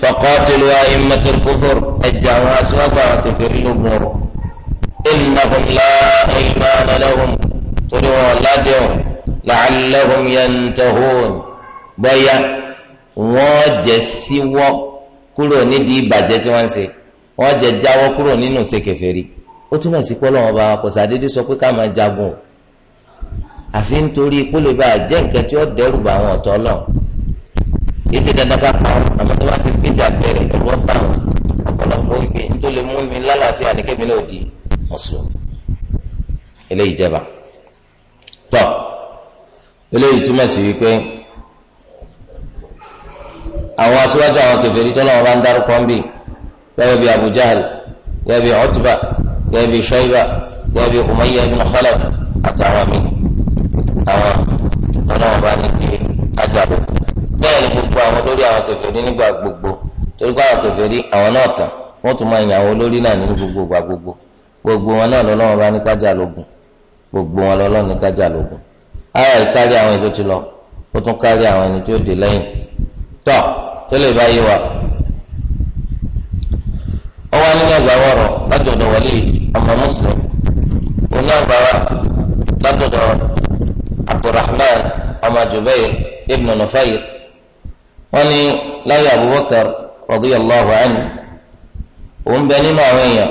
faqatilu a'immatal kufr ẹ̀jẹ̀ àwọn aṣọ́gbà kẹfẹ́rí lógun ọ̀rọ̀ innahum la aymana lahum torí wọn ládẹ́ọ̀ la'allahum yantahun bọ́yá wọ́n jẹ́ síwọ́ kúrò nídìí ìbàjẹ́ tí wọ́n ń ṣe wọ́n jẹ́ jáwọ́ kúrò nínú ṣe ó túmọ̀ sí pé lọ́wọ́ bá wa kò sàdédé sọ pé ká máa jagun àfi nítorí ipò lè bá jẹ́ nǹkan tí ó dẹ́rù bá àwọn ọ̀tọ̀ ọlọ́run kìí ṣe dandan ká pa wọn àmọ́ tí wọ́n ti gbéjà bẹ̀rẹ̀ ẹ̀rọ bá wọn ọ̀pọ̀lọpọ̀ ìgbé nítorí lè mú mi lálàáfíà ní kébìnrin òdì mùsùlùmí eléyìí jẹba tọ eléyìí túmọ̀ sí wípé àwọn aṣíwájú àwọn kèfèrí tó náà wọ́n bá ń dárúkọ ń bì gẹ́gẹ́ bí Abu Jahl gẹ́gẹ́ bí Utba gẹ́gẹ́ bí Shayba gẹ́gẹ́ bí Umayya ibn àtàwọn mi àwọn ọlọ́wọ́n bá ní kí ajá lóko. gbogbo àwọn lórí àwọn kèfèrí nígbà gbogbo torí pé àwọn kèfèrí àwọn náà tàn wọ́n tún máa yàn náà nínú gbogbo gbogbo gbogbo wọn náà lọ́lọ́run bá ní kájà lógun gbogbo wọn lọ́lọ́run ní kájà lógun ara ìkárí àwọn ètò ti lọ ó tún kárí àwọn ẹni tí ó dé tó lè bá yé wa wá nínú láti wọlé ọmọ wa láti wọ́n ní láyé Abubakar radiyallahu anhu òun bẹ nínú àwọn èèyàn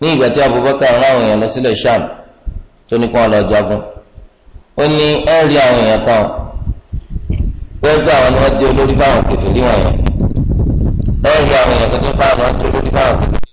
ní ìgbà tí Abubakar rán àwọn èèyàn lọ sílẹ̀ Sham tó ní kàn lọ jagun ó ní ẹ rí àwọn èèyàn kan wọ́n gbé àwọn ni wọ́n jẹ́ olórí fáwọn kẹfìrí wọ̀nyẹn ẹ rí àwọn èèyàn kan tó bá àwọn tó olórí fáwọn kẹfìrí.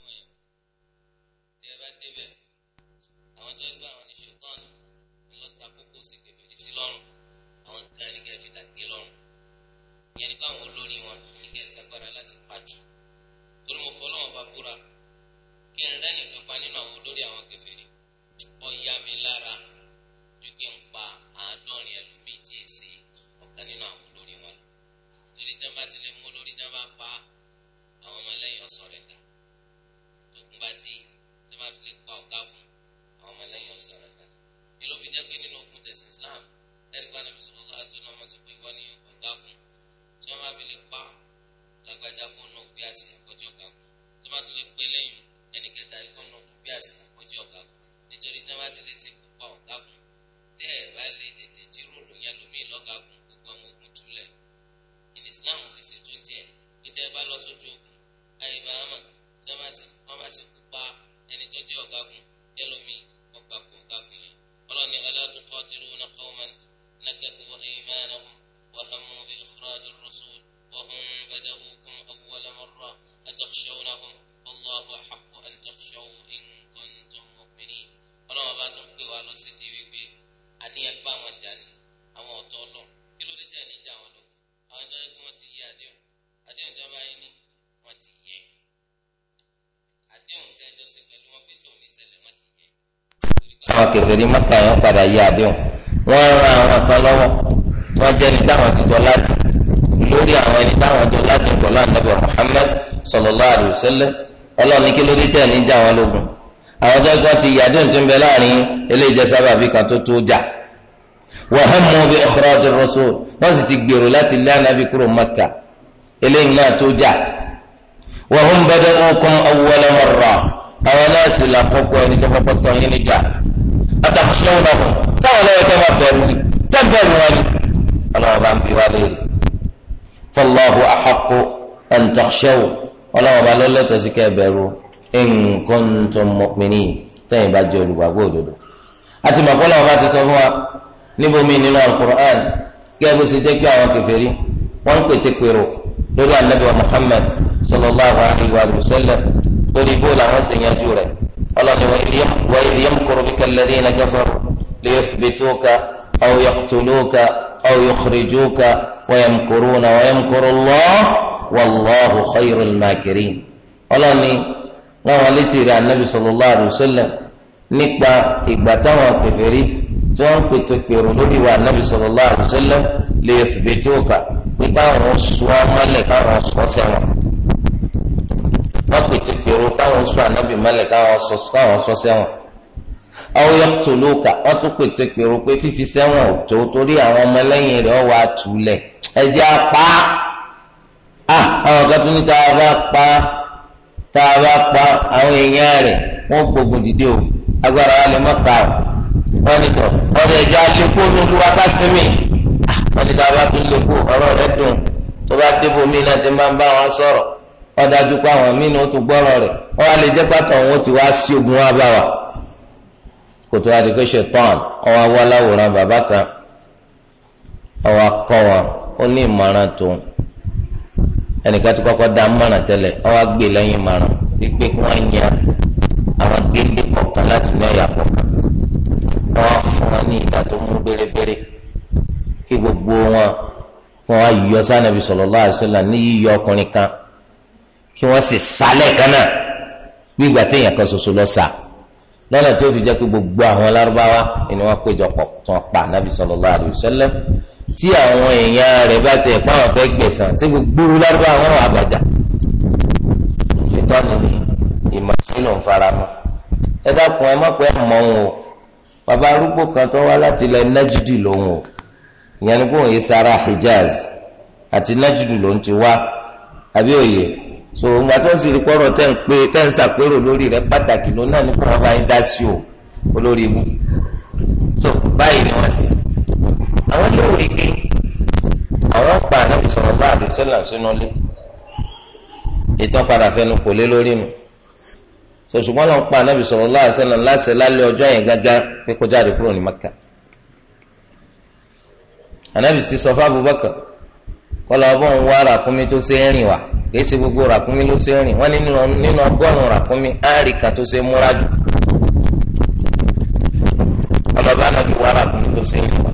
sallam ọlọ́run ní kí ló dé tẹ̀ ní jà wọn lógun àwọn tó kọ́ ti yàdùn tó ń bẹ láàrin eléyìí jẹ́ sábàbí kan tó tó jà wa hammu bi ikhraj ar-rasul wọ́n sì ti gbèrò láti lé ànábì kúrò Mẹ́kà eléyìí náà tó jà wa hum bada'ukum awwala marra àwọn náà sì là kọ́kọ́ ẹni tó kọ́kọ́ yín níjà atakhshawnahum sáwọn lọ́wọ́ tó máa bẹ̀rù ni sẹ́bẹ̀rù ni ọlọ́wọ́ bá ń bi wá léèrè fallahu ahaqqu an ọlọ́wọ́ bá lọ́lẹ́tọ̀ sí kẹ́ẹ̀bẹ̀rù in kuntum mu'minin tẹ́yìn bá jẹ́ olùgbàgbọ́ òdodo. àti mọ̀kọ́lá ọba ti sọ fún wa níbo mi nínú alukur'an gẹ́gẹ́ bó ṣe jẹ́ pé àwọn kèfèrí wọ́n ń pètè pèrò lórí anabi wa muhammad sallallahu alayhi wa sallam lórí bó làwọn ṣe yanjú rẹ̀ ọlọ́ni wa idh yamkuru bika alladhina kafaru liyuthbituka aw yaqtuluka aw yukhrijuka wallahu khayrul makirin ọlọ́ni wọn wọn létí rẹ̀ anabi sallallahu alayhi wa sallam nípa ìgbà táwọn kèfèrí tí wọ́n ń pètè pèrò lórí wa anabi sallallahu alayhi wa sallam lè fìbè tí ó kà nípa àwọn sọ ọmọlẹ̀ káwọn sọ sẹ́wọ̀n wọ́n pètè pèrò káwọn sọ anabi mọ́lẹ̀ káwọn sọ sẹ́wọ̀n àwọn yọtòlóka wọ́n tún pètè pèrò pé fífi sẹ́wọ̀n ò tó torí àwọn ọmọlẹ́yìn rẹ̀ wà á túlẹ̀ ẹ̀jẹ̀ apá. a ah, àwọn kan tún ní tá a bá pa tá a bá pa àwọn èèyàn dìde o agbára wa lè ka o ní ní olúwa ah, ní tá a bá tún dùn tó bá débò mí náà ti máa ń bá wọn sọ̀rọ̀ wọ́n dájú pé àwọn míì ní o tún gbọ́rọ̀ rẹ̀ wọ́n á lè jẹ́ pàtó àwọn ó ti wá sí ogun wa bá wa aláwòrán ẹnìkan ti kọ́kọ́ dá mọ̀ràn tẹ́lẹ̀ ọwọ́ gbé lẹ́yìn mọ̀ràn wípé kí wọ́n yan àwọn géńdé kọ̀ọ̀kan láti ní ọ̀yà kọ̀ọ̀kan wọ́n fún wọn ní ìgbà tó mú bérebére kí gbogbo wọn kí wọ́n yọ sànàbí sallallahu alaihi wasallam ní yíyọ ọkùnrin kan kí wọ́n sì sálẹ̀ kan náà bí ìgbà téèyàn kan ṣoṣo lọ sà lọ́nà tí ó fi jẹ́ pé gbogbo àwọn lárúbáwá ni wọ́n péjọ pọ̀ tí pa ànábì sallallahu alaihi wasallam tí àwọn èèyàn rẹ̀ bá ti ẹ̀pá àwọn fẹ́ gbẹ̀sán sí gbogbo lárúbá àwọn àbàjá ṣètọ́ni ni ìmọ̀ kí ló ń fara mọ́ ẹ dákun ẹ má pẹ́ mọ́ òun o bàbá arúgbó kan tó wá láti ilẹ̀ nájúdì lòun o ìyẹn ni kò ń yí sara hijaz àti nájúdì lòun ti wá àbí òye so ìgbà tó ń sì rí pọ́rọ̀ tẹ́ ń pé tẹ́ ń sàpérò lórí rẹ̀ pàtàkì ló náà ní kó wọ́n bá yín dá sí o olórí ibú so báyìí ni wọ́n ṣe àwọn lè wòye gbé àwọn pa ànábì sọ̀rọ̀ bá àdùsẹ́là sínú ilé ìtàn padà fẹnu kò lé lórí nu sọ̀sùgbọ́n lọ́n pa ànábì sọ̀rọ̀ bá àdùsẹ́là láṣẹ lálẹ́ ọjọ́ yẹn gángan pé kó jáde kúrò ní maka ànábì ti sọ fún Abubakar kọlọ ọbọ ń wá ràkúnmí tó ṣe ń rìn wá kì í ṣe gbogbo ràkúnmí ló ṣe ń rìn wọn nínú ọgọ́rùn ràkúnmí áàríkà tó ṣe múra jù ọlọba náà fi wá ràkúnmí tó ṣe ń rìn wá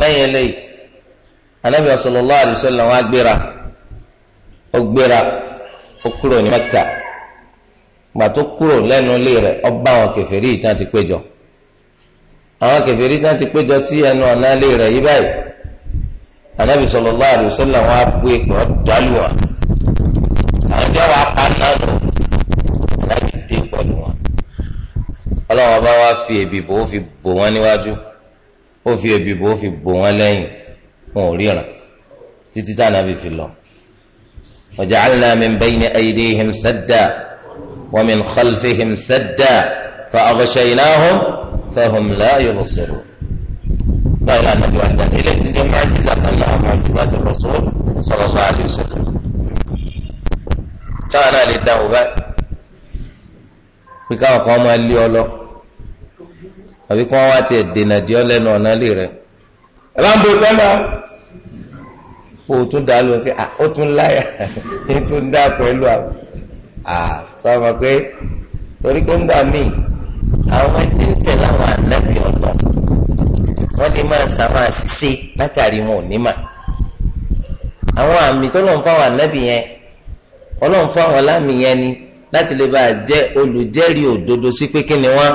lẹ́yìn eléyìí anabi sallallahu alaihi wasallam wá gbéra ó gbéra ó kúrò ní Mẹ́kà gbà tó kúrò lẹ́nu ilé rẹ̀ ó bá àwọn kèfèrí ìtàn ti péjọ àwọn kèfèrí ìtàn ti péjọ sí ẹnu ọ̀nà ilé rẹ̀ yí báyìí anabi sallallahu alaihi wasallam wá e pé pé ọ wọn àwọn tí wọn pa náà lọ láti dé fi èbìbò fi bò wọn níwájú. ó fi ebi bò ó fi bò wọn lẹ́yìn wọn ò ríran títí tá ànábì fi lọ. mi n beyin ni waja'alna min bayni aydihim sadda wa min khalfihim seda fa yii naa hun aghshaynahum laayo lo soro báyìí la nàbí wa ta ilé tí lọ jẹ́ mọ́àjísà soro mọ́àjísà rasul sallallahu alaihi wasallam. táwọn náà lè dáhùn báyìí pé káwọn kan máa lé ọ lọ. àbí kí wọ́n wá tiẹ̀ dènà díọ́ lẹ́nu ọ̀nà lè rẹ̀ ẹ bá ń bo pẹ́ẹ́mà o tún dá lóun pé ó tún láyà (laughs) ó tún dá pẹ̀lú àwọn sọ ma pé torí pé ń gbà míì àwọn tí ń tẹ̀lé àwọn ànábì ọ̀nà wọ́n lè máa sàmà àṣìṣe látàrí wọn ò ní mà àwọn àmì tó lọ́n fáwọn ànábì yẹn ọlọ́run fáwọn lámì yẹn ni láti lè bá jẹ́ olùjẹ́rìí òdodo sí pé kí ni wọ́n.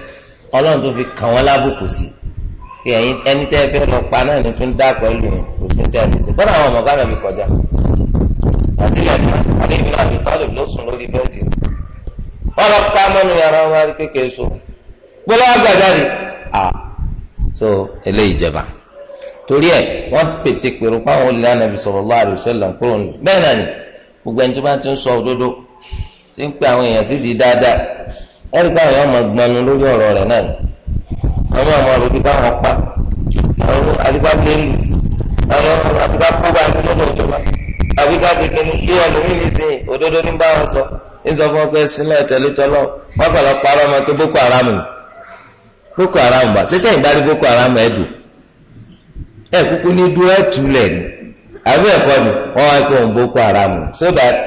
ọlọ́run tó fi kàn wọ́n lábùkù sí pé ẹ̀yin ẹni tẹ́ ẹ fẹ́ lọ pa náà ni tó ń dá pẹ̀lú kò sí tẹ́ ẹ lè ṣe kọ́dà àwọn ọmọ bá nàbí kọjá àti ìyàtọ̀ àti ìbínú àbí tọ́lù ló sùn lórí bẹ́ẹ̀dì wọ́n lọ pa mọ́nu yàrá wọn rí kékeré so gbọ́dọ̀ àgbàjáde à so eléyìí jẹba torí ẹ wọ́n pètè pèrò fáwọn olè ànàbì sallallahu alaihi wasallam kúrò nù bẹ́ẹ̀ náà ni gbogbo ẹni tó bá ti ń sọ òdodo ti ń pe àwọn èèyàn sí di dáadáa ẹ̀rí káwọn ọmọ máa gbanu lórí ọ̀rọ̀ rẹ̀ náà ni àwọn ọmọ rẹ̀ bí káwọn pa àwọn àdìgbà lẹ́nu àwọn àdìgbà kó bá ní lọ́dọ̀ ìjọba àbí ká ti kí ni bí ẹlòmíì sìn òdodo ní bá wọn sọ fún tẹ̀lé tọ́lọ́ wọn parọ́ ọmọ Boko Haram ni Boko Haram bá sẹ́tẹ̀ ìbárí Boko Haram ẹ̀ dùn ẹ̀ kúkú ní dúró ẹ̀ ni àbí so that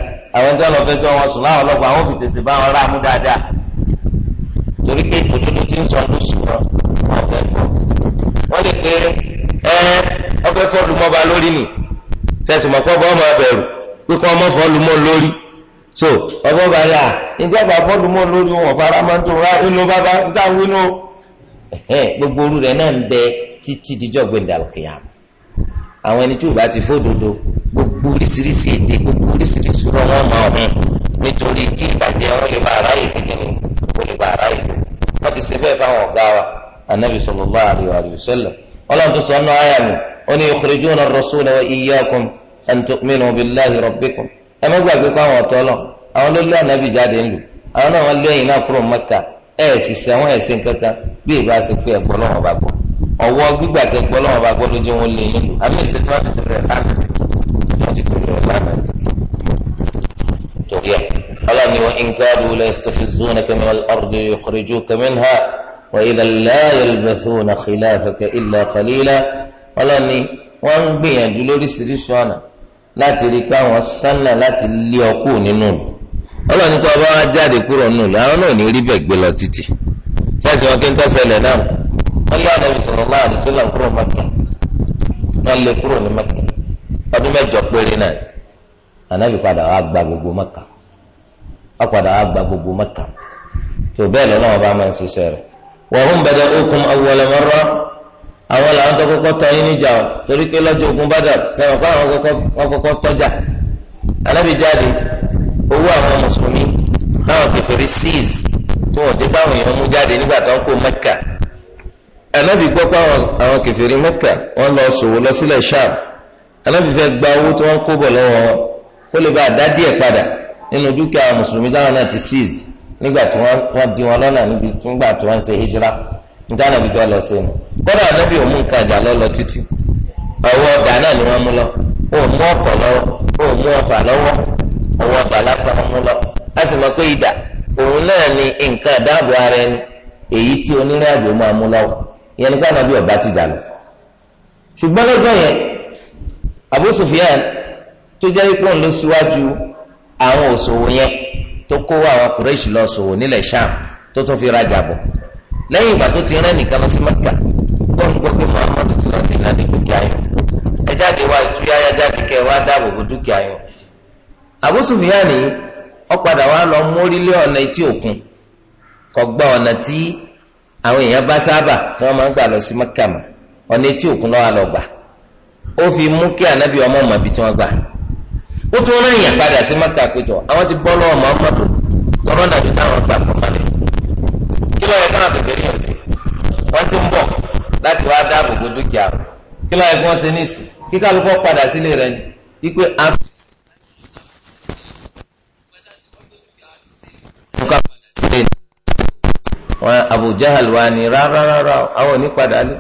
torí pé òdodo ti ń sọ ló sùúrọ̀ wọn fẹ́ kọ́ wọ́n lè pé ẹ ọfẹ́ fọ́ọ̀lù mọ́ba lórí nì fẹsẹ̀ mọ̀ pọ́ bọ́ ọmọ bẹ̀rù pé kọ́ ọmọ fọ́ọ̀lù mọ́ lórí so ọgbọ́n bá yà ǹjẹ́ àgbà fọ́ọ̀lù mọ́ lórí wọn fara máa ń tó ra inú bàbá níta wínú gbogbo orú rẹ̀ náà ń bẹ títí díjọ́ gbẹ̀ndàlùkìyà àwọn ẹni tí ò bá ti fódodo gbogbo oríṣiríṣi èdè gbogbo oríṣiríṣi rọ wọn máa mú nítorí kí ìbàjẹ́ wọn lè ti ṣe bẹ́ẹ̀ fáwọn ọ̀gá wa anabi sallallahu alayhi wa sallam ọlọ́run tó sọ náà ayà mi ó ní yukhrijuna ar-rasula wa iyyakum an tu'minu billahi rabbikum ẹ má gbàgbé pé àwọn ọ̀tọ́ lọ àwọn ló lé anabi jáde ńlù àwọn náà wọ́n lé ẹ̀yìn náà kúrò Mẹ́kà ẹ̀ sì ṣe àwọn ẹ̀sìn kankan bí ìbá ṣe pé ẹ̀gbọ́n ọlọ́ni wọn ìnkádù la yastafizunaka min al-ardi yukhrijuka minha wa idhan la yalbathuna khilafaka illa qalila ọlọ́ni wọ́n ń gbìyànjú lóríṣiríṣi ọ̀nà láti rí pé àwọn sánà láti lé ọkù nínú ìlú ọlọ́ni tó ọba wa jáde kúrò nínú ìlú àwọn náà ní orí bẹ̀ gbé lọ títì tí a ti wọn kí n tọ́ náà wọ́n lé ànábì sallallahu alaihi wasallam kúrò Mẹ́kà wọ́n lé kúrò ní Mẹ́kà ọdún mẹ́jọ péré náà ànábì padà wá gba gbogbo Mẹ́kà ọ̀padà wa gba gbogbo mẹ́ka tó bẹ́ẹ̀ lọ́nà ọba máa ń ṣiṣẹ́ rẹ̀ wa hum bada'ukum awwala marra àwọn làwọn tó kọ́kọ́ tọ́ yín níjà o torí pé lọ́jọ́ ogun Badr sẹ́wọ̀n kọ́ àwọn kọ́kọ́ tọ́jà anábì jáde owó àwọn mùsùlùmí táwọn kẹfìrí seiz tó wọ́n ti báwọn èèyàn mú jáde nígbà tó kó mẹ́ka anábì gbọ́ pé àwọn kẹfìrí mẹ́ka wọ́n lọ sòwò lọ sílẹ̀ Sham anábì fẹ́ gba owó tí wọ́n kó bọ̀ lọ́wọ́ kó lè bá a dá díẹ̀ padà nínú dúkìá mùsùlùmí táwọn náà ti seize nígbà tí wọ́n di wọn lọ́nà níbi nígbà tí wọ́n ń ṣe hijira níta lọ sí ẹnu gbọ́dọ̀ àdébí òun nǹkan ìjà lọ lọ títí ọwọ́ ọba náà ni wọ́n mú lọ òun mú ọkọ̀ lọ́wọ́ òun mú ọfà lọ́wọ́ ọwọ́ a sì mọ̀ pé ìdà òun náà ni nǹkan ìdáàbò ara ẹni èyí tí máa mú àwọn òṣòwò yẹn tó kó àwọn kùrẹ́ṣì lọ ṣòwò nílẹ̀ sham tó tó fi rajà bọ̀ lẹ́yìn ìgbà tó ti rẹ́ nìkan lọ sí mẹ́kà gbọ́n gbọ́ pé muhammad ti lọ sí ayọ̀. dúkìá jáde wá ìtúyá ẹ kẹ wá dáàbò dúkìá Abu padà wá lọ orílẹ̀ ọ̀nà etí òkun kọ ọ̀nà tí àwọn èèyàn bá sábà tí wọ́n máa gbà lọ sí mà ọ̀nà etí ó tún rán èèyàn padà sí maka àpéjọ àwọn ti bọ́ lọ́wọ́ muhammadu tọrọ nàbí táwọn gbà kọ́ kalẹ̀ kí lọ́yẹ̀ káwọn bèbèrè yẹn sí wọ́n ti ń bọ̀ láti wá dáàbò dúkìá kí kí ṣe ní kí kálukọ́ padà sílé ni a. wọn wa ni rárá àwọn onípadà lé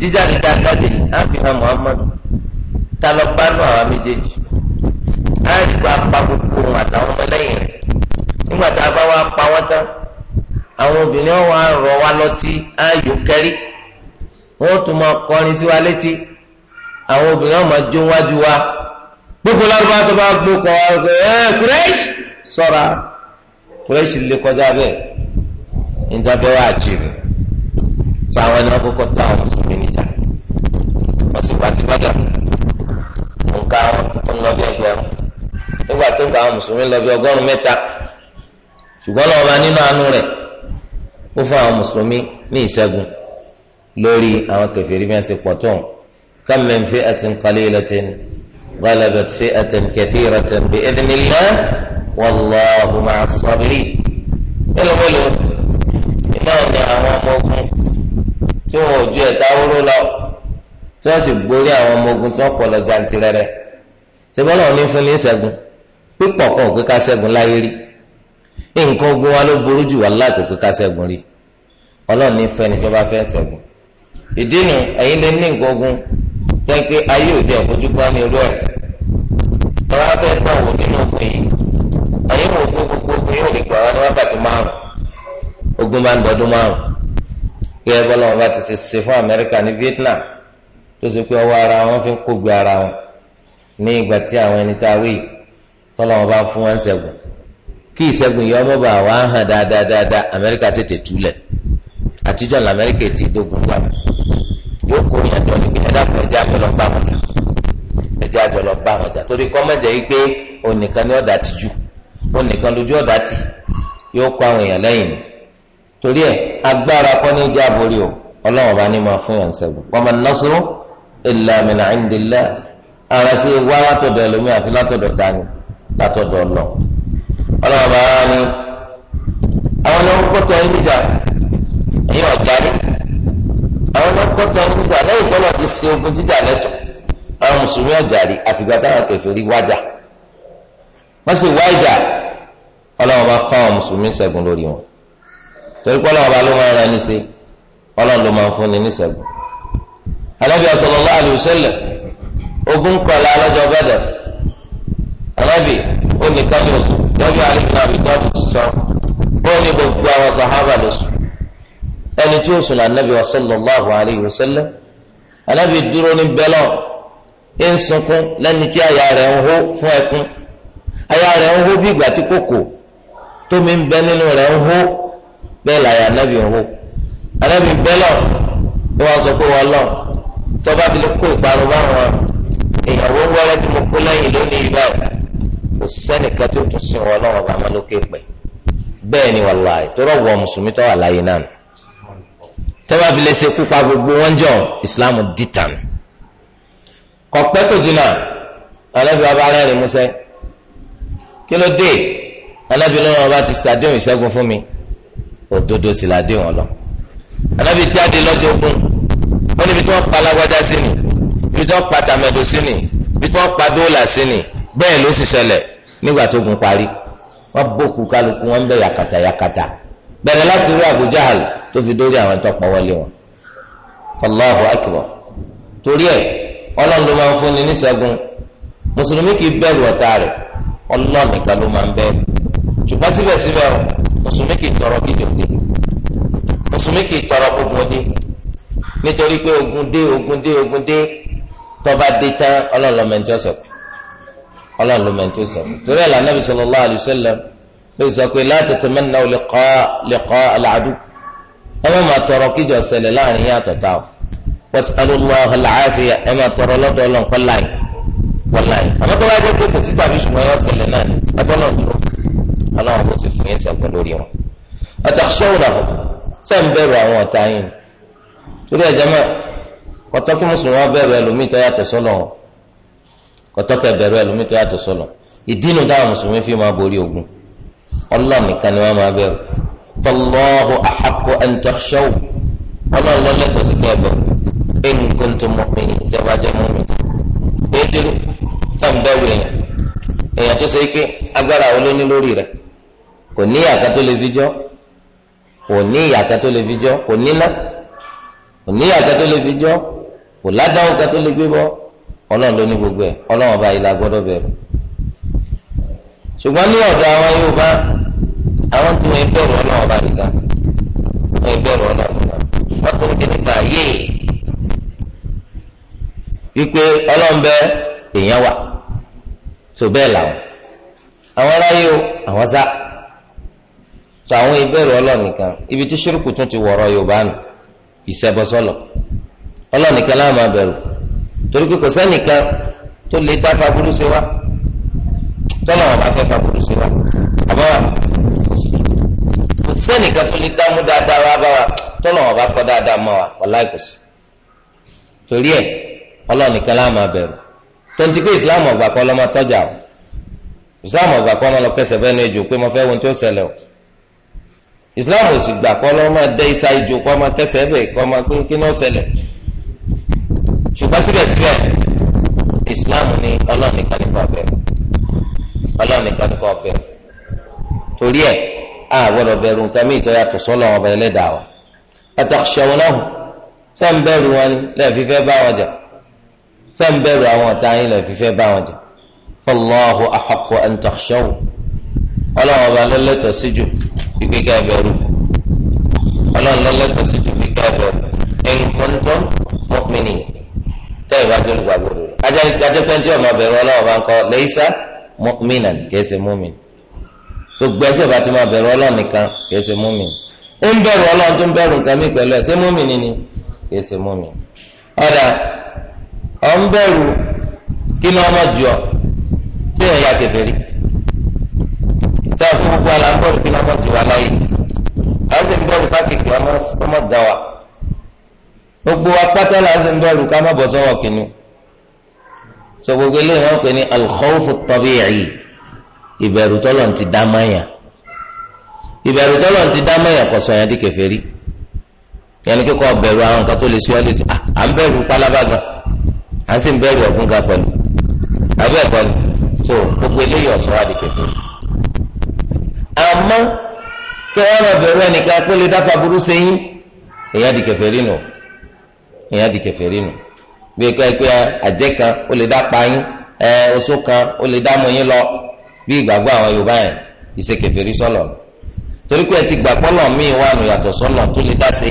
jíjáde dáadáa dé ní àfihàn muhammadu tá lọ bá àwọn méjèèjì. á rí bá pa gbogbo òun àtàwọn ọmọlẹ́yìn rẹ̀ nígbà tá a bá wá pa wọ́n tán àwọn obìnrin wọn wá rọ wá lọ́tí ayò kẹrí wọn tún máa kọrin sí wa létí àwọn obìnrin wọn máa jó wájú wa gbogbo lárúbá tó bá gbó kọ wa rẹ ẹ kúrẹ́ṣì sọ́ra kúrẹ́ṣì lè kọjá bẹ́ẹ̀ níta bẹ́ẹ̀ àjèrè tó àwọn ẹni wọn kọ́kọ́ tó àwọn mùsùlùmí níta wọ́n sì wá tó ń lọ bí ẹgbẹ̀rún nígbà tó gba àwọn mùsùlùmí lọ bí ọgọ́rùn mẹ́ta ṣùgbọ́n náà ọba nínú àánú rẹ̀ ó fún àwọn mùsùlùmí ní ìṣẹ́gun lórí àwọn kèfèrí bí wọ́n ṣe pọ̀ tó kam min fi'atin qalilatin ghalabat fi'atan kathiratan bi'idhnillah wallahu ma'as sabirin mélòó mélòó iná ni àwọn ọmọ ogun tí wọn ò ju ẹ̀ta wúrú lọ tí wọ́n sì borí àwọn ọmọ ogun tí wọ́n pọ̀ lọ jantirẹrẹ sebọ́lá òní fún ní ṣẹ́gun pípọ̀ kan ò kíka ṣẹ́gun láyé rí nǹkan ogun wa ló burú jù wà láì kò kíka ṣẹ́gun rí ọlọ́run ní fẹ́ni tó bá ìdí nu lè ní nǹkan ogun pé ayé òde bá ní wò nínú yìí gbogbo ogun yóò lè márùn fún ní Vietnam tó ṣe ara wọn fi ń ara ní ìgbà tí àwọn ẹni tá a wí tọ́lọ́wọ́n bá fún wọn ṣẹ́gun kí ìṣẹ́gun yìí ọmọ bá wà á hàn dáadáa dáadáa amẹ́ríkà tètè túlẹ̀ àtijọ́ ní amẹ́ríkà ètè ìdógún fún mi yóò kó ìyàtọ̀ níbi ẹ̀dá fún ẹ̀jẹ̀ àjọ lọ bá wọn jà ẹ̀jẹ̀ àjọ lọ bá wọn jà torí kọ́ mọ̀jẹ̀ yìí pé onìkan ní ọ̀dà tìjú onìkan lójú ọ̀dà tì yóò kó àwọn èèyàn lẹ́yìn torí ẹ̀ agbára kọ́ ní ìjà àbórí o ọlọ́wọ́n bá ní máa fún yàn ṣẹ́gun wa man nasru illa min ara sí wá látọ̀dọ̀ ẹlòmíì àfi látọ̀dọ̀ dání látọ̀dọ̀ ọ̀nà ọlọ́run bá wá ní àwọn ọmọ kọ́tọ̀ ẹni níjà ẹ̀yìn ọ̀jáde àwọn ọmọ kọ́tọ̀ ẹni níjà lẹ́yìn tó lọ́ọ́ ti ṣe ogun jíjà lẹ́tọ̀ àwọn mùsùlùmí ọ̀jáde àfìgbà táwọn kèfèrí wájà wọ́n sì wá ìjà ọlọ́run bá fáwọn mùsùlùmí ṣẹ́gun lórí wọn torí pé bá ló máa ogun kọlá lọ́jọ́ bẹ́dẹ̀ alábì onìkan ló sùn lọ́bí alẹ́bí náà bìtọ́ ti sọ gbogbo àwọn sàhábà ló sùn ẹni tí ó sùn là nàbì sallallahu alayhi wa sallam dúró ní ń sunkún tí ń hó fún ẹkún ń hó bí kòkò tómi ń bẹ nínú ń hó ń hó ni sọ pé lọ ti ìyàwó wọlé tí mo kú lẹ́yìn lónìí báyìí kò sẹ́nìkan tí ó tún sìn wọn lọ́wọ́ bàmá lókè pẹ̀ bẹ́ẹ̀ ni wàláì tó rọ̀wọ́ mùsùlùmí tó wà láyé náà tọ́wọ́ fi lè ṣe kúpa gbogbo wọn jọ islam dìtàn kọ̀pẹ́ kò jìnnà ọlẹ́bí ọba rẹ́rìn músẹ́ kí ló dé ọlẹ́bí lọ́wọ́ ọba ti ṣàdéhùn ìṣẹ́gun fún mi òdodo sì làdéhùn ọlọ́ ọlẹ́bí jáde lọ́jọ́ ogun ó níbi tí wọ́n pa alágbájá sí ni bí tí wọ́n pa tàmẹ̀dò sí ni bí tí wọ́n pa dóòlà sí ni bẹ́ẹ̀ ló sì ṣẹlẹ̀ nígbà tó gun parí wọ́n bókù kálukú wọn bẹ̀ yakata yakata bẹ̀rẹ̀ láti rí Abu Jahal tó fi dórí àwọn tó pa wọn Allahu akbar torí ẹ̀ ọlọ́run ló máa ń fúnni níṣẹ́gun mùsùlùmí kì í bẹ̀rù ọ̀tá rẹ̀ ọlọ́run nìkan ló máa ń bẹ̀rù ṣùgbọ́n síbẹ̀síbẹ̀ mùsùlùmí kì í tọrọ kíjọ dé mùsùlùmí kì í tọrọ gbogbo dé nítorí pé ogun dé ogun dé ogun dé tọba dé tán ọlọ́ọ̀lọ́mẹ̀ntì ọ̀sẹ̀kù ọlọ́ọ̀lọ́mẹ̀ntì ọ̀sẹ̀kù torí ẹ̀ lànàbì sallallahu alayhi wa sallam ló sọ pé la tatamannaw liqa'a al-adu ẹ má máa tọrọ kíjọ ṣẹlẹ̀ láàrin yín àtọ̀tà o was'alullaha al-afiya ẹ máa tọrọ lọ́dọ̀ ọlọ́nkọ́ láì wọláì àmọ́ tó bá yẹ kó kò sí tàbí ṣùgbọ́n yọ ṣẹlẹ̀ náà ni ẹ náà dúró ọlọ́run kò sì fún yín sẹ́gun lórí wọn. ọ̀tà ṣọ́ọ̀nà sẹ́ńbẹ̀rù àwọn ọ̀tá yìí torí ẹ̀jẹ̀ máa kọtọ kí mùsùlùmí wọn bẹ̀rù ẹlòmíì tó yàtọ̀ sọlọ kọtọ kẹ bẹ̀rù ẹlòmíì tó yàtọ̀ sọlọ ìdínú táwọn mùsùlùmí fi máa borí ogun Ọlọ́run nìkan ni wọn máa bẹ̀rù fọlọ́hu àhàkọ ẹnìtọ́ṣẹ́wò Ọlọ́run ló lẹ́tọ̀ọ́ sí kẹ́ẹ̀bọ̀ ẹnì kan tó ìjọba jẹ́ mi pétérù táwọn bẹ̀rù èèyàn èèyàn tó ṣe pé agbára àwọn ló ní lórí rẹ̀ kò ní ìyàtọ̀ tó lè fi jọ́ kò ní ìyàtọ̀ tó lè fi jọ́ kò ní ná kò ní ìyàtọ̀ tó lè fi jọ́ kò ládàáwò kan tó lè gbé bọ́ ọlọ́run ló ní gbogbo ẹ̀ ọlọ́run ọba yìí la gbọ́dọ̀ bẹ̀rù ní àwọn Yorùbá àwọn tí ọba nìkan wọ́n ọdụ ọlọ́run nìkan wọ́n tó ń kí nípa yéè wípé ọlọ́run bẹ èèyàn wà tó bẹ́ẹ̀ làwọn àwọn aráyé o àwọn sá tó ibi tí ṣírùkù tún ti Yorùbá nù ọlọ́run nìkan la máa bẹ̀rù torí pé kò sẹ́nìkan tó lè dá faburú sí wa tọ́lọ̀ wọn bá fẹ́ faburú sí wa àbá wa kò sẹ́nìkan tó lè dámú dáadáa wa bá wa tọ́lọ̀ wọn bá fọ́ dáadáa mọ́ wa wàláì kò sí torí ẹ̀ ọlọ́run nìkan la máa bẹ̀rù tonti pé islam ọgbà kọ́ lọ́mọ tọ́jà o islam ọgbà kọ́ ọmọ kẹsẹ̀ fẹ́ nu ejò pé mo fẹ́ wọn tí ó ṣẹlẹ̀ o islam ò sì gbà kọ́ lọ́mọ dẹ́ isa ejò kọ́ ọmọ kẹsẹ̀ bẹ́ẹ̀ kọ́ ọmọ pé kí ni ó ṣẹlẹ̀ ṣùgbọ́n síbẹ̀síbẹ̀ islam ni ọlọ́run nìkan ní kó bẹ̀rù ọlọ́run nìkan ní kó bẹ̀rù torí ẹ̀ a gbọ́dọ̀ bẹ̀rù nǹkan mí ìtọ́ yàtọ̀ sọ́lọ́ ọba ẹlẹ́dàá wa àtàkùsọ̀wọ́n náà sẹ́ń bẹ̀rù wọn ni lẹ́ẹ̀fífẹ́ bá wọn jà sẹ́ń bẹ̀rù àwọn ọ̀tá yín lẹ́ẹ̀fífẹ́ bá wọn jà fọlọ́hu àhàkọ́ àtàkùsọ̀wọ́n ọlọ́run ọba lọ́lẹ́tọ̀ síjù tẹ́yìn bá jẹ́ olùgbàgbọ́ rẹ̀ ajẹ́pẹ́ tí ọmọ bẹ̀rù ọlọ́wọ́ bá ń kọ́ lẹ́yìísá mọ́mìnà kìí ṣe mọ́mìn gbogbo ẹjọ́ bá ti máa bẹ̀rù ọlọ́wọ́ nìkan kìí ṣe mọ́mìn ó ń bẹ̀rù ọlọ́wọ́ tó ń bẹ̀rù nǹkan mí pẹ̀lú ẹ̀ ṣé mọ́mìn ni kìí ṣe mọ́mìn ọ̀dà ọ̀ ń bẹ̀rù kí ni ọmọ jù ọ sí ẹ̀yà kẹfẹ́rí tí a fún gbogbo aláǹbọ̀rù kí ni ọmọ jù wá láyé gbogbo apátá láti ń bẹ̀rù ká má bọ̀ sọ́wọ́ kínní so gbogbo eléyìí wọ́n pè ní alkhawfu tabi'i ìbẹ̀rù tọ́lọ̀ ti dá mayà ìbẹ̀rù tọ́lọ̀ ti dá mayà kò sọ yẹn di kèfèrí yẹnni kíkọ́ bẹ̀rù àwọn nǹkan tó lè ṣe ọ́ lè ṣe à ń bẹ̀rù pálábá gan à ń sì ń bẹ̀rù ọ̀gùn ga pẹ̀lú àbí ẹ̀kọ́ ni so gbogbo eléyìí ọ̀sọ́ wa di kèfèrí àmọ́ kí wọ́n lọ ẹnìkan pé lè dáfa burú sẹ́yìn èèyàn di kèfèrí nù. No ìyẹn di kèfèrí nù bí ẹ a àjẹ́ kan ó lè dá payín ẹ oṣù kan ó lè dá lọ bí ìgbàgbọ́ àwọn Yorùbá yẹn ìṣe sọlọ torí pé ẹ ti gbà pọlọ míì wà nù yàtọ̀ sọlọ tó lè dá sí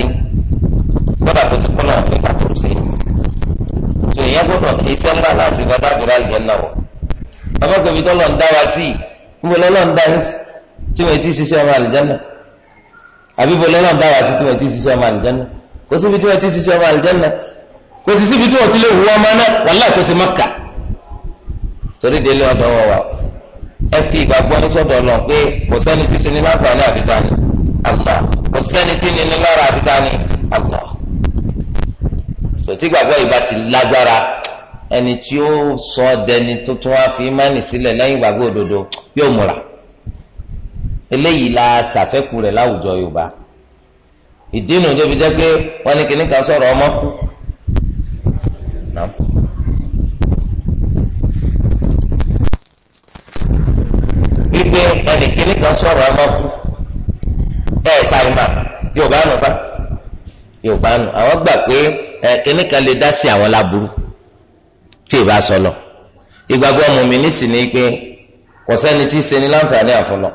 gbọ́dọ̀ kó sí pọlọ àfẹ kàkúrú sí tó ìyẹn gbọ́dọ̀ kì í ńlá láti náà tó dá wa sí kò síbi tí wọ́n ti ṣiṣẹ́ ọmọ àlùjẹ́nà kò sí síbi tí wọ́n ti lè hu ọmọ náà wàláhì kò sí Mẹ́kà torí délé ọ̀dọ̀ wọn wà ẹ fi ìgbàgbọ́ ní sọ́dọ̀ ọ̀nà pé kò sẹ́ni tí sinmi máa fà ní àbíta ni àbúrò kò sẹ́ni tí ní lára àbíta ni àbúrò sòtí gbàgbọ́ ìbá ti lágbára ẹni tí ó sọ dẹni tuntun wá fi mánì sílẹ̀ lẹ́yìn ìgbàgbọ́ òdodo yóò múra eléyìí la ṣàfẹ́kù rẹ̀ láwùjọ Yorùbá ìdínú tó fi jẹ́ pé wọ́n ní kíní kan sọ̀rọ̀ ọmọ kú. wípé wọ́n ní kíní kan sọ̀rọ̀ ọmọ kú bẹ́ẹ̀ sáré yóò bá nù bá yóò bá nù àwọn gbà pé ẹ kíní kan lè dá sí àwọn láburú tí ì bá sọ lọ ìgbàgbọ́ mùmíní sì ni pé kò sẹ́ni tí ṣe ní láǹfààní àfọlọ́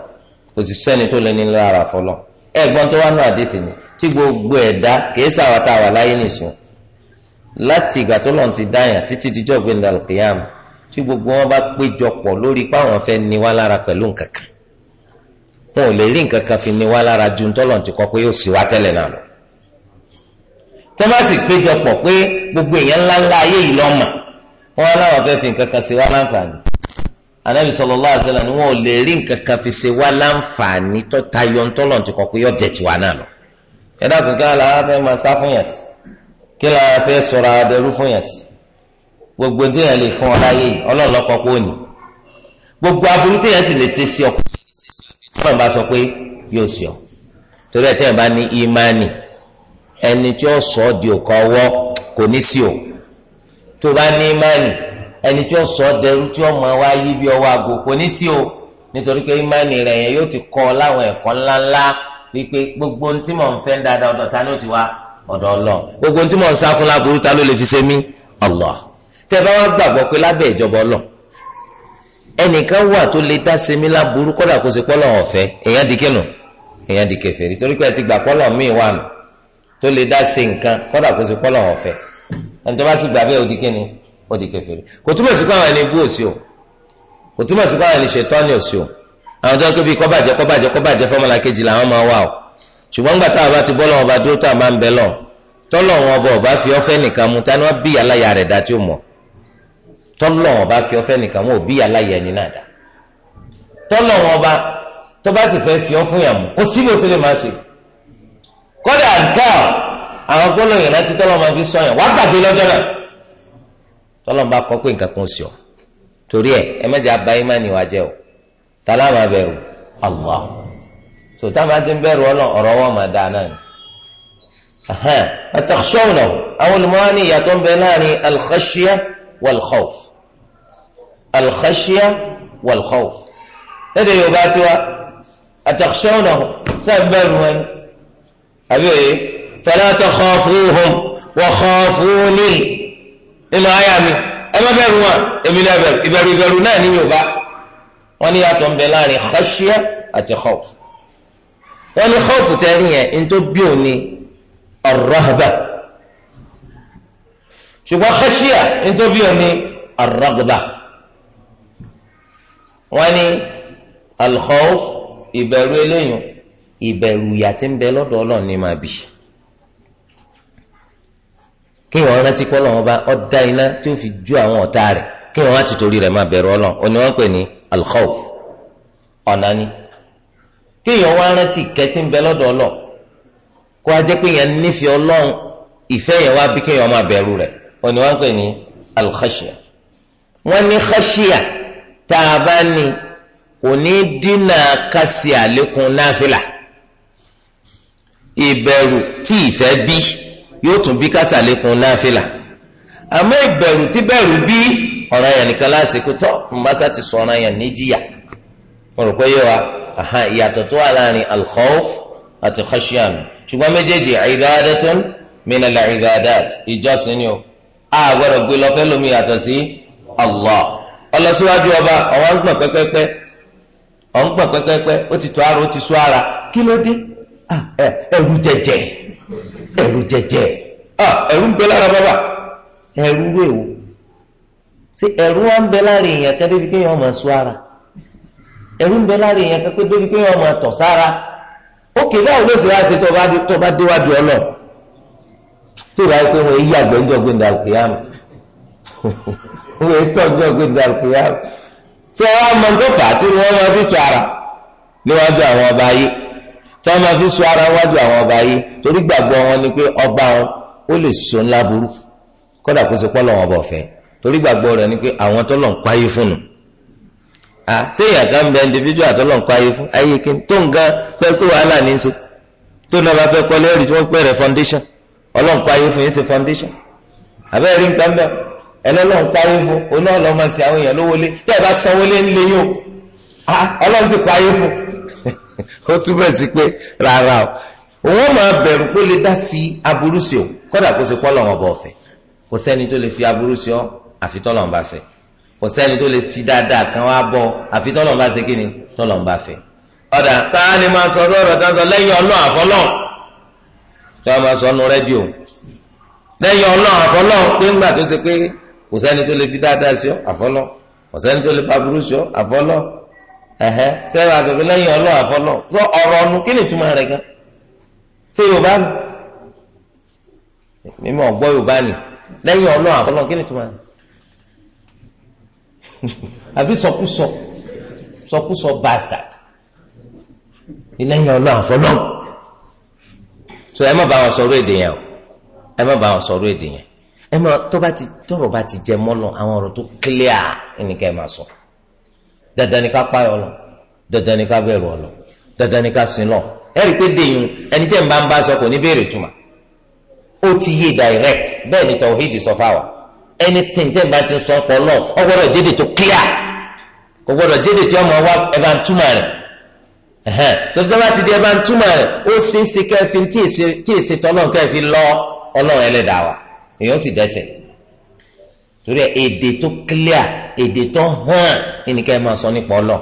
kò sì sẹ́ni tó lé ní lára àfọlọ́ ẹ̀gbọ́n tó wà nù ni. tí gbogbo ẹ̀dá kìí sàwọn tá a wà láyé nìṣó láti ìgbà tó lọ́n ti dáyà títí díjọ́ gbẹ̀ndà lùkìyàm tí gbogbo wọn bá péjọ pọ̀ lórí páwọn fẹ́ ni wá lára pẹ̀lú nǹkan kan wọn ò lè rí nǹkan kan fi ni wá lára ju tọ́lọ̀ ti kọ́ pé yóò sì wá tẹ́lẹ̀ náà lọ. tẹ́ bá sì péjọ pọ̀ pé gbogbo èèyàn ńláńlá ayé yìí lọ́mọ̀ wọn láwọn fẹ́ fi nǹkan kan ṣe wá láǹfààní anabi sallallahu alaihi wasallam ni wọn ò lè rí nǹkan kan fi ṣe wá láǹfààní tó tayọ ntọ́lọ̀ ti kọ́ pé yóò jẹ tiwa náà lọ ẹ̀dá kankan la fẹ́ máa sá fún yàn sí kí la fẹ́ sọ̀rọ̀ abẹ́rú fún yàn sí gbogbo tí yàn lè fún ọ láyé yìí ọlọ́ọ̀lọ́pọ̀ pọ̀ ní gbogbo aburú tí yàn sì lè ṣe sí ọ fún ọ̀nà bá sọ pé yóò sí ọ torí ẹ̀ tí yàn bá ní ìmánì ẹni tí ó sọ di òkà ọwọ́ kò ní sí o tó bá ní ìmánì ẹni tí ó sọ dẹrú tí ó mọ wá yí bí ọwọ́ àgò kò ní sí o nítorí pé ìmánì rẹ̀ yẹn yóò ti kọ́ láwọn ẹ̀kọ́ ńláńlá wípé gbogbo ohun tí mò ń fẹ́ ń dáadáa ọ̀dọ̀ ta ni ó ti wá ọ̀dọ̀ ọlọ gbogbo ohun mò ń sá fún láburú ta ló lè fi ṣe mí Allah tẹ bá wá gbàgbọ́ pé lábẹ́ ìjọba ọlọ ẹnìkan wà tó lè dá ṣe mí láburú kódà kó ṣe pọ́lọ̀ ọ̀fẹ́ èèyàn di kínu èèyàn di kèfèrí torí pé ẹ ti gbà pọ́lọ̀ míì wà nù tó lè dá ṣe nǹkan kódà kó ṣe pọ́lọ̀ ọ̀fẹ́ ẹni tó bá sì gbà bẹ́ẹ̀ ó di kínu ó di kèfèrí kò túmọ̀ sí pé àwọn ẹni bú òsì o kò túmọ̀ sí pé àwọn ẹni ṣètọ́ ni òsì o àwọn tó ń kébi kọ́ bàjẹ́ kọ́ bàjẹ́ kọ́ bàjẹ́ fọ́mọ́lá kejì làwọn máa wà o ṣùgbọ́n gbàtà àbá ti bọ́ lọ́wọ́ bá dúró tá a máa ń bẹ lọ tọ́lọ̀ wọn bọ̀ bá fi ọfẹ́ nìkan mu tani wọ́n bí aláya rẹ̀ dá tí ó mọ̀ tọ́lọ̀ wọn bá fi ọfẹ́ nìkan mu ò bí aláya ẹni náà dá tọ́lọ̀ wọn bá tó bá sì fẹ́ fi ọ fún yàn mu kó síbi ó máa ṣe kódà nǹkan àwọn gbólóyìn láti tọ́lọ̀ tàlà máa bẹ̀rù Allah so táwọn ti ń bẹ̀rù ọ̀rọ̀ wọn máa dáa náà ni àtàkṣọ́nà àwọn olùmọ́wá ní ìyàtọ̀ ń bẹ láàrin alkhashia walkhawf alkhashia walkhawf lédè yorùbá tiwa àtàkṣọ́nà sáà ń bẹ̀rù wọn àbí òye fala takhafuhum wa khafuni nínú àyà mi ẹ má bẹ̀rù wọn èmi náà bẹ̀rù ìbẹ̀rù ìbẹ̀rù náà ní wọ́n ní yàtọ̀ ń bẹ láàrin khashya àti khawf wọ́n ní khawf tẹ́rí yẹn ní tó bí òní ar-rahba ṣùgbọ́n khashya ní tó bí òní ar-raghba wọ́n ní al-khawf ìbẹ̀rù eléyìí ìbẹ̀rù ìyà tí ń bẹ lọ́dọ̀ Ọlọ́run ní máa bì kí wọ́n rántí pé Ọlọ́run bá ọ̀dá iná tí ó fi ju àwọn ọ̀tá rẹ̀ kí wọ́n á ti torí rẹ̀ máa bẹ̀rù Ọlọ́run alkhawf ọ̀nà ni kéèyàn wá rántí kẹtí ń bẹ lọ́dọ̀ ọlọ́ kó a jẹ́ pé yẹn nífẹ̀ẹ́ ọlọ́run ìfẹ́ yẹn wá bí kéèyàn máa bẹ̀rù rẹ̀ òní wá ń pè ní alkhashia wọ́n ní khashia tá a bá ní kò ní dínà kásì àlékún náfìlà ìbẹ̀rù tí ìfẹ́ bí yóò tún bí kásì àlékún náfìlà àmọ́ ìbẹ̀rù tí bẹ̀rù bí. ọ̀ràn yẹn nìkan lásìkò tọ́ mbàṣà ti sọ ọ̀ràn yẹn níjìyà mo rò pé yé wa ìyàtọ̀ tó wà láàrin àti khashiyan a gbọ́dọ̀ gbé lómi yàtọ̀ Allah ọlọ́síwájú ọba ń gbọ̀n pẹ́pẹ́pẹ́ ọ̀ ń gbọ̀n pẹ́pẹ́pẹ́ ó ti tó ara ó ti sọ ara kí ló dé ah, ẹ̀rù jẹjẹ ẹ̀rù jẹjẹ ah, ń gbé lára ṣé ẹ̀rú wa ń bẹ láàrin èèyàn kan débi kéèyàn máa sọ ara ẹ̀rú ń bẹ láàrin èèyàn kan pé débi kéèyàn máa tọ̀ sára ó kè báwo ló sì láti tó bá déwájú ọ náà tó ìbá yẹ pé wọn èyí àgbẹ̀jọ gbẹ̀dà kìyàm wọn èyí tọ́jọ́ gbẹ̀dà kìyàm ṣé wọn mọ tó fà á tí wọn máa fi tọ̀ ara níwájú àwọn ọba yìí tí wọn máa fi sọ ara níwájú àwọn ọba yìí torí gbàgbọ́ wọn ni pé ọba wọn ó lè sọ ńlá kódà kó ṣe pọ́ lọ́wọ́ ọba ọ̀fẹ́ torí gbàgbọ́ rẹ̀ ni pé àwọn tọ́lọ̀ ń kọ́ ayé fún un à sẹ́yìn àga ń bẹ individual tọ́lọ̀ ń kọ́ ayé fún ayé kí tó ń gan tẹ́ pé wàhálà ní í ṣe tó náà bá fẹ́ kọ́ lẹ́rìí tí wọ́n pè foundation ọlọ́run kọ́ ayé fún yín ṣe foundation àbẹ́rẹ́ rí nǹkan bẹ́ẹ̀ ẹlọ́lọ́run kọ́ ayé fún oná ọlọ́mọ sí àwọn èèyàn lówó lé tẹ́ ẹ bá sanwó lé ńlé yín o ah, ọlọ́run sì kọ́ ayé fún (laughs) ó túbọ̀ sí pé rárá o òun máa bẹ̀rù pé lè dá fi aburú sí o kọ́dà kó ṣe pọ́ lọ́wọ́ bọ̀ ọ̀fẹ́ kò sẹ́ni tó lè fi aburú sí ọ́ àfi tọ́lọ̀ ń bá fẹ́ kò sẹ́ni tó lè fi dáadáa kan wá bọ́ àfi tọ́lọ̀ ń bá ṣe kíni tọ́lọ̀ ń bá fẹ́ ọ̀dà sáà ni máa sọ ọdún ọ̀rọ̀ dáńsọ lẹ́yìn ọlọ́ àfọlọ́ tí wọ́n máa sọ ọ́nù rédíò lẹ́yìn ọlọ́ àfọlọ́ pé ńgbà tó ṣe pé kò sẹ́ni tó lè fi dáadáa sí ọ àfọlọ́ kò sẹ́ni tó lè fa burú sí ọ àfọlọ́ ẹ̀hẹ́ sẹ́wọ́n àti òfin lẹ́yìn ọlọ́ àfọlọ́ sọ ọ̀rọ̀ ọ̀nù kí ni ìtumọ̀ rẹ̀ gan ṣé Yorùbá ni mímọ̀ gbọ́ Yorùbá ni lẹ́yìn ọlọ́ àfọlọ́ kí ni ìtumọ̀ rẹ̀ (laughs) àbí sọkúsọ sọkúsọ bastard ìlẹ́yìn ọlọ́run àfọlọ́run so ẹ má bá wọn sọ̀rọ̀ èdè yẹn o ẹ má bá wọn sọ̀rọ̀ èdè yẹn ẹ má tó bá ti tọrọ bá ti jẹ mọ́lọ àwọn ọ̀rọ̀ tó clear ẹnìkan ẹ máa sọ dandan ni ká páyọ lọ dandan ni ká bẹ̀rù ọ lọ dandan ni ká sin lọ ẹ rí i pé dèyìn ẹni tẹ́ ń bá ń bá sọ kò ní béèrè túmọ̀ ó ti yé direct bẹ́ẹ̀ ni tawhid sọ fáwọn. anything tẹ́ ẹ̀ bá ti sọ ọ̀pọ̀ lọ ọ gbọ́dọ̀ jẹ́dẹ̀ tó clear kò gbọ́dọ̀ jẹ́dẹ̀ tí ọmọ wa ẹ̀ bá ń túmọ̀ rẹ̀ tọ́tọ́ bá ti di ẹ̀ bá ń túmọ̀ rẹ̀ ó ṣe é ṣe kẹfì tí èsì tọ́lọ́n kẹfì lọ ọlọ́run ẹlẹ́dàá wa èèyàn sì dẹ́sẹ̀ torí ẹ̀ èdè tó clear èdè tó hàn ẹnìkẹ́ ẹ̀ máa sọ nípa ọlọ́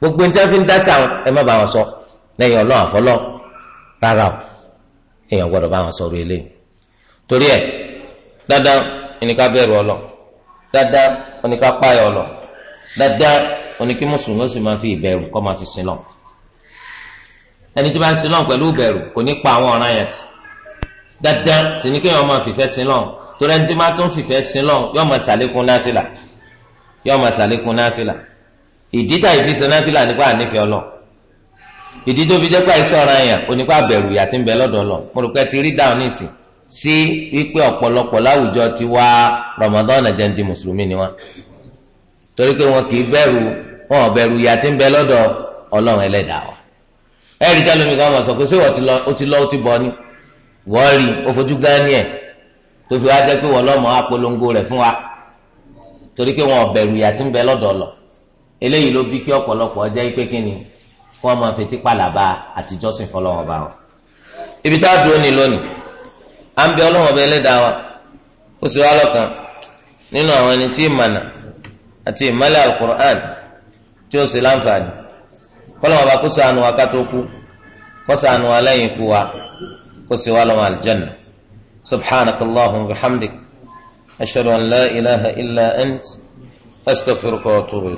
gbogbo níta fi ń dá sáwọn ẹ má bá wọn sọ lẹ́yìn ọlọ́run àfọlọ́ rárá o èèyàn gbọ́dọ̀ bá wọn sọ orí eléyìí torí oníkà bẹ̀rù ọlọ dáadáa oníkà páyọ ọlọ dáadáa oníkì mùsùlùmí ó sì máa fi ìbẹ̀rù kọ́ máa fi sin lọ ẹni tí bá ń sin lọ pẹ̀lú ìbẹ̀rù kò ní pa àwọn ọ̀ràn yẹn tì dáadáa sì ní kéèyàn máa fìfẹ́ sin lọ torí ẹni tí máa tún fìfẹ́ sin lọ yóò máa sàlékún náfìlà yóò máa sàlékún náfìlà ìdí tá ìfi sin náfìlà nípa ànífẹ́ ọlọ ìdí tó fi jẹ́ pé àìsàn ọ̀ràn yẹn onípa bẹ̀rù ìyà ń bẹ lọ́dọ̀ mo rò pé ti rí dáhùn nísìnyí sí wípé ọ̀pọ̀lọpọ̀ láwùjọ ti wá Ramadan jẹ́ndì mùsùlùmí ni wọn torí pé wọn kì bẹ̀rù wọn ò bẹ̀rù ìyà tí ń bẹ lọ́dọ̀ Ọlọ́run ẹlẹ́dàá wa ẹ̀rí tẹ́lómi kan máa sọ pé ṣé wọ́n ti lọ ó ti bọ̀ ni wọ́n rí ó fojú gání ẹ̀ tó fi wá jẹ́ pé wọ́n lọ́mọ apolongo rẹ̀ fún wa torí pé wọn ò bẹ̀rù ìyà tí ń bẹ lọ́dọ̀ ọlọ eléyìí ló bí kí ọ̀pọ̀lọpọ̀ jẹ́ pé kí ni kí wọ́n máa fetí à ń bẹ ọlọ́run ọba ẹlẹ́dàá wa ó sì wá lọ́kàn nínú àwọn ẹni tí ìmànà àti ìmàlẹ̀ alukur'an tí ó sì láǹfààní kọ́lọ́wọ́n ọba kó ṣàánú wa ká tó kú kó ṣàánú wa lẹ́yìn ikú wa kó sì wá lọ́wọ́ aljanna subhanak allahumma bihamdik ashhadu an la ilaha illa ant astaghfiruka wa atubu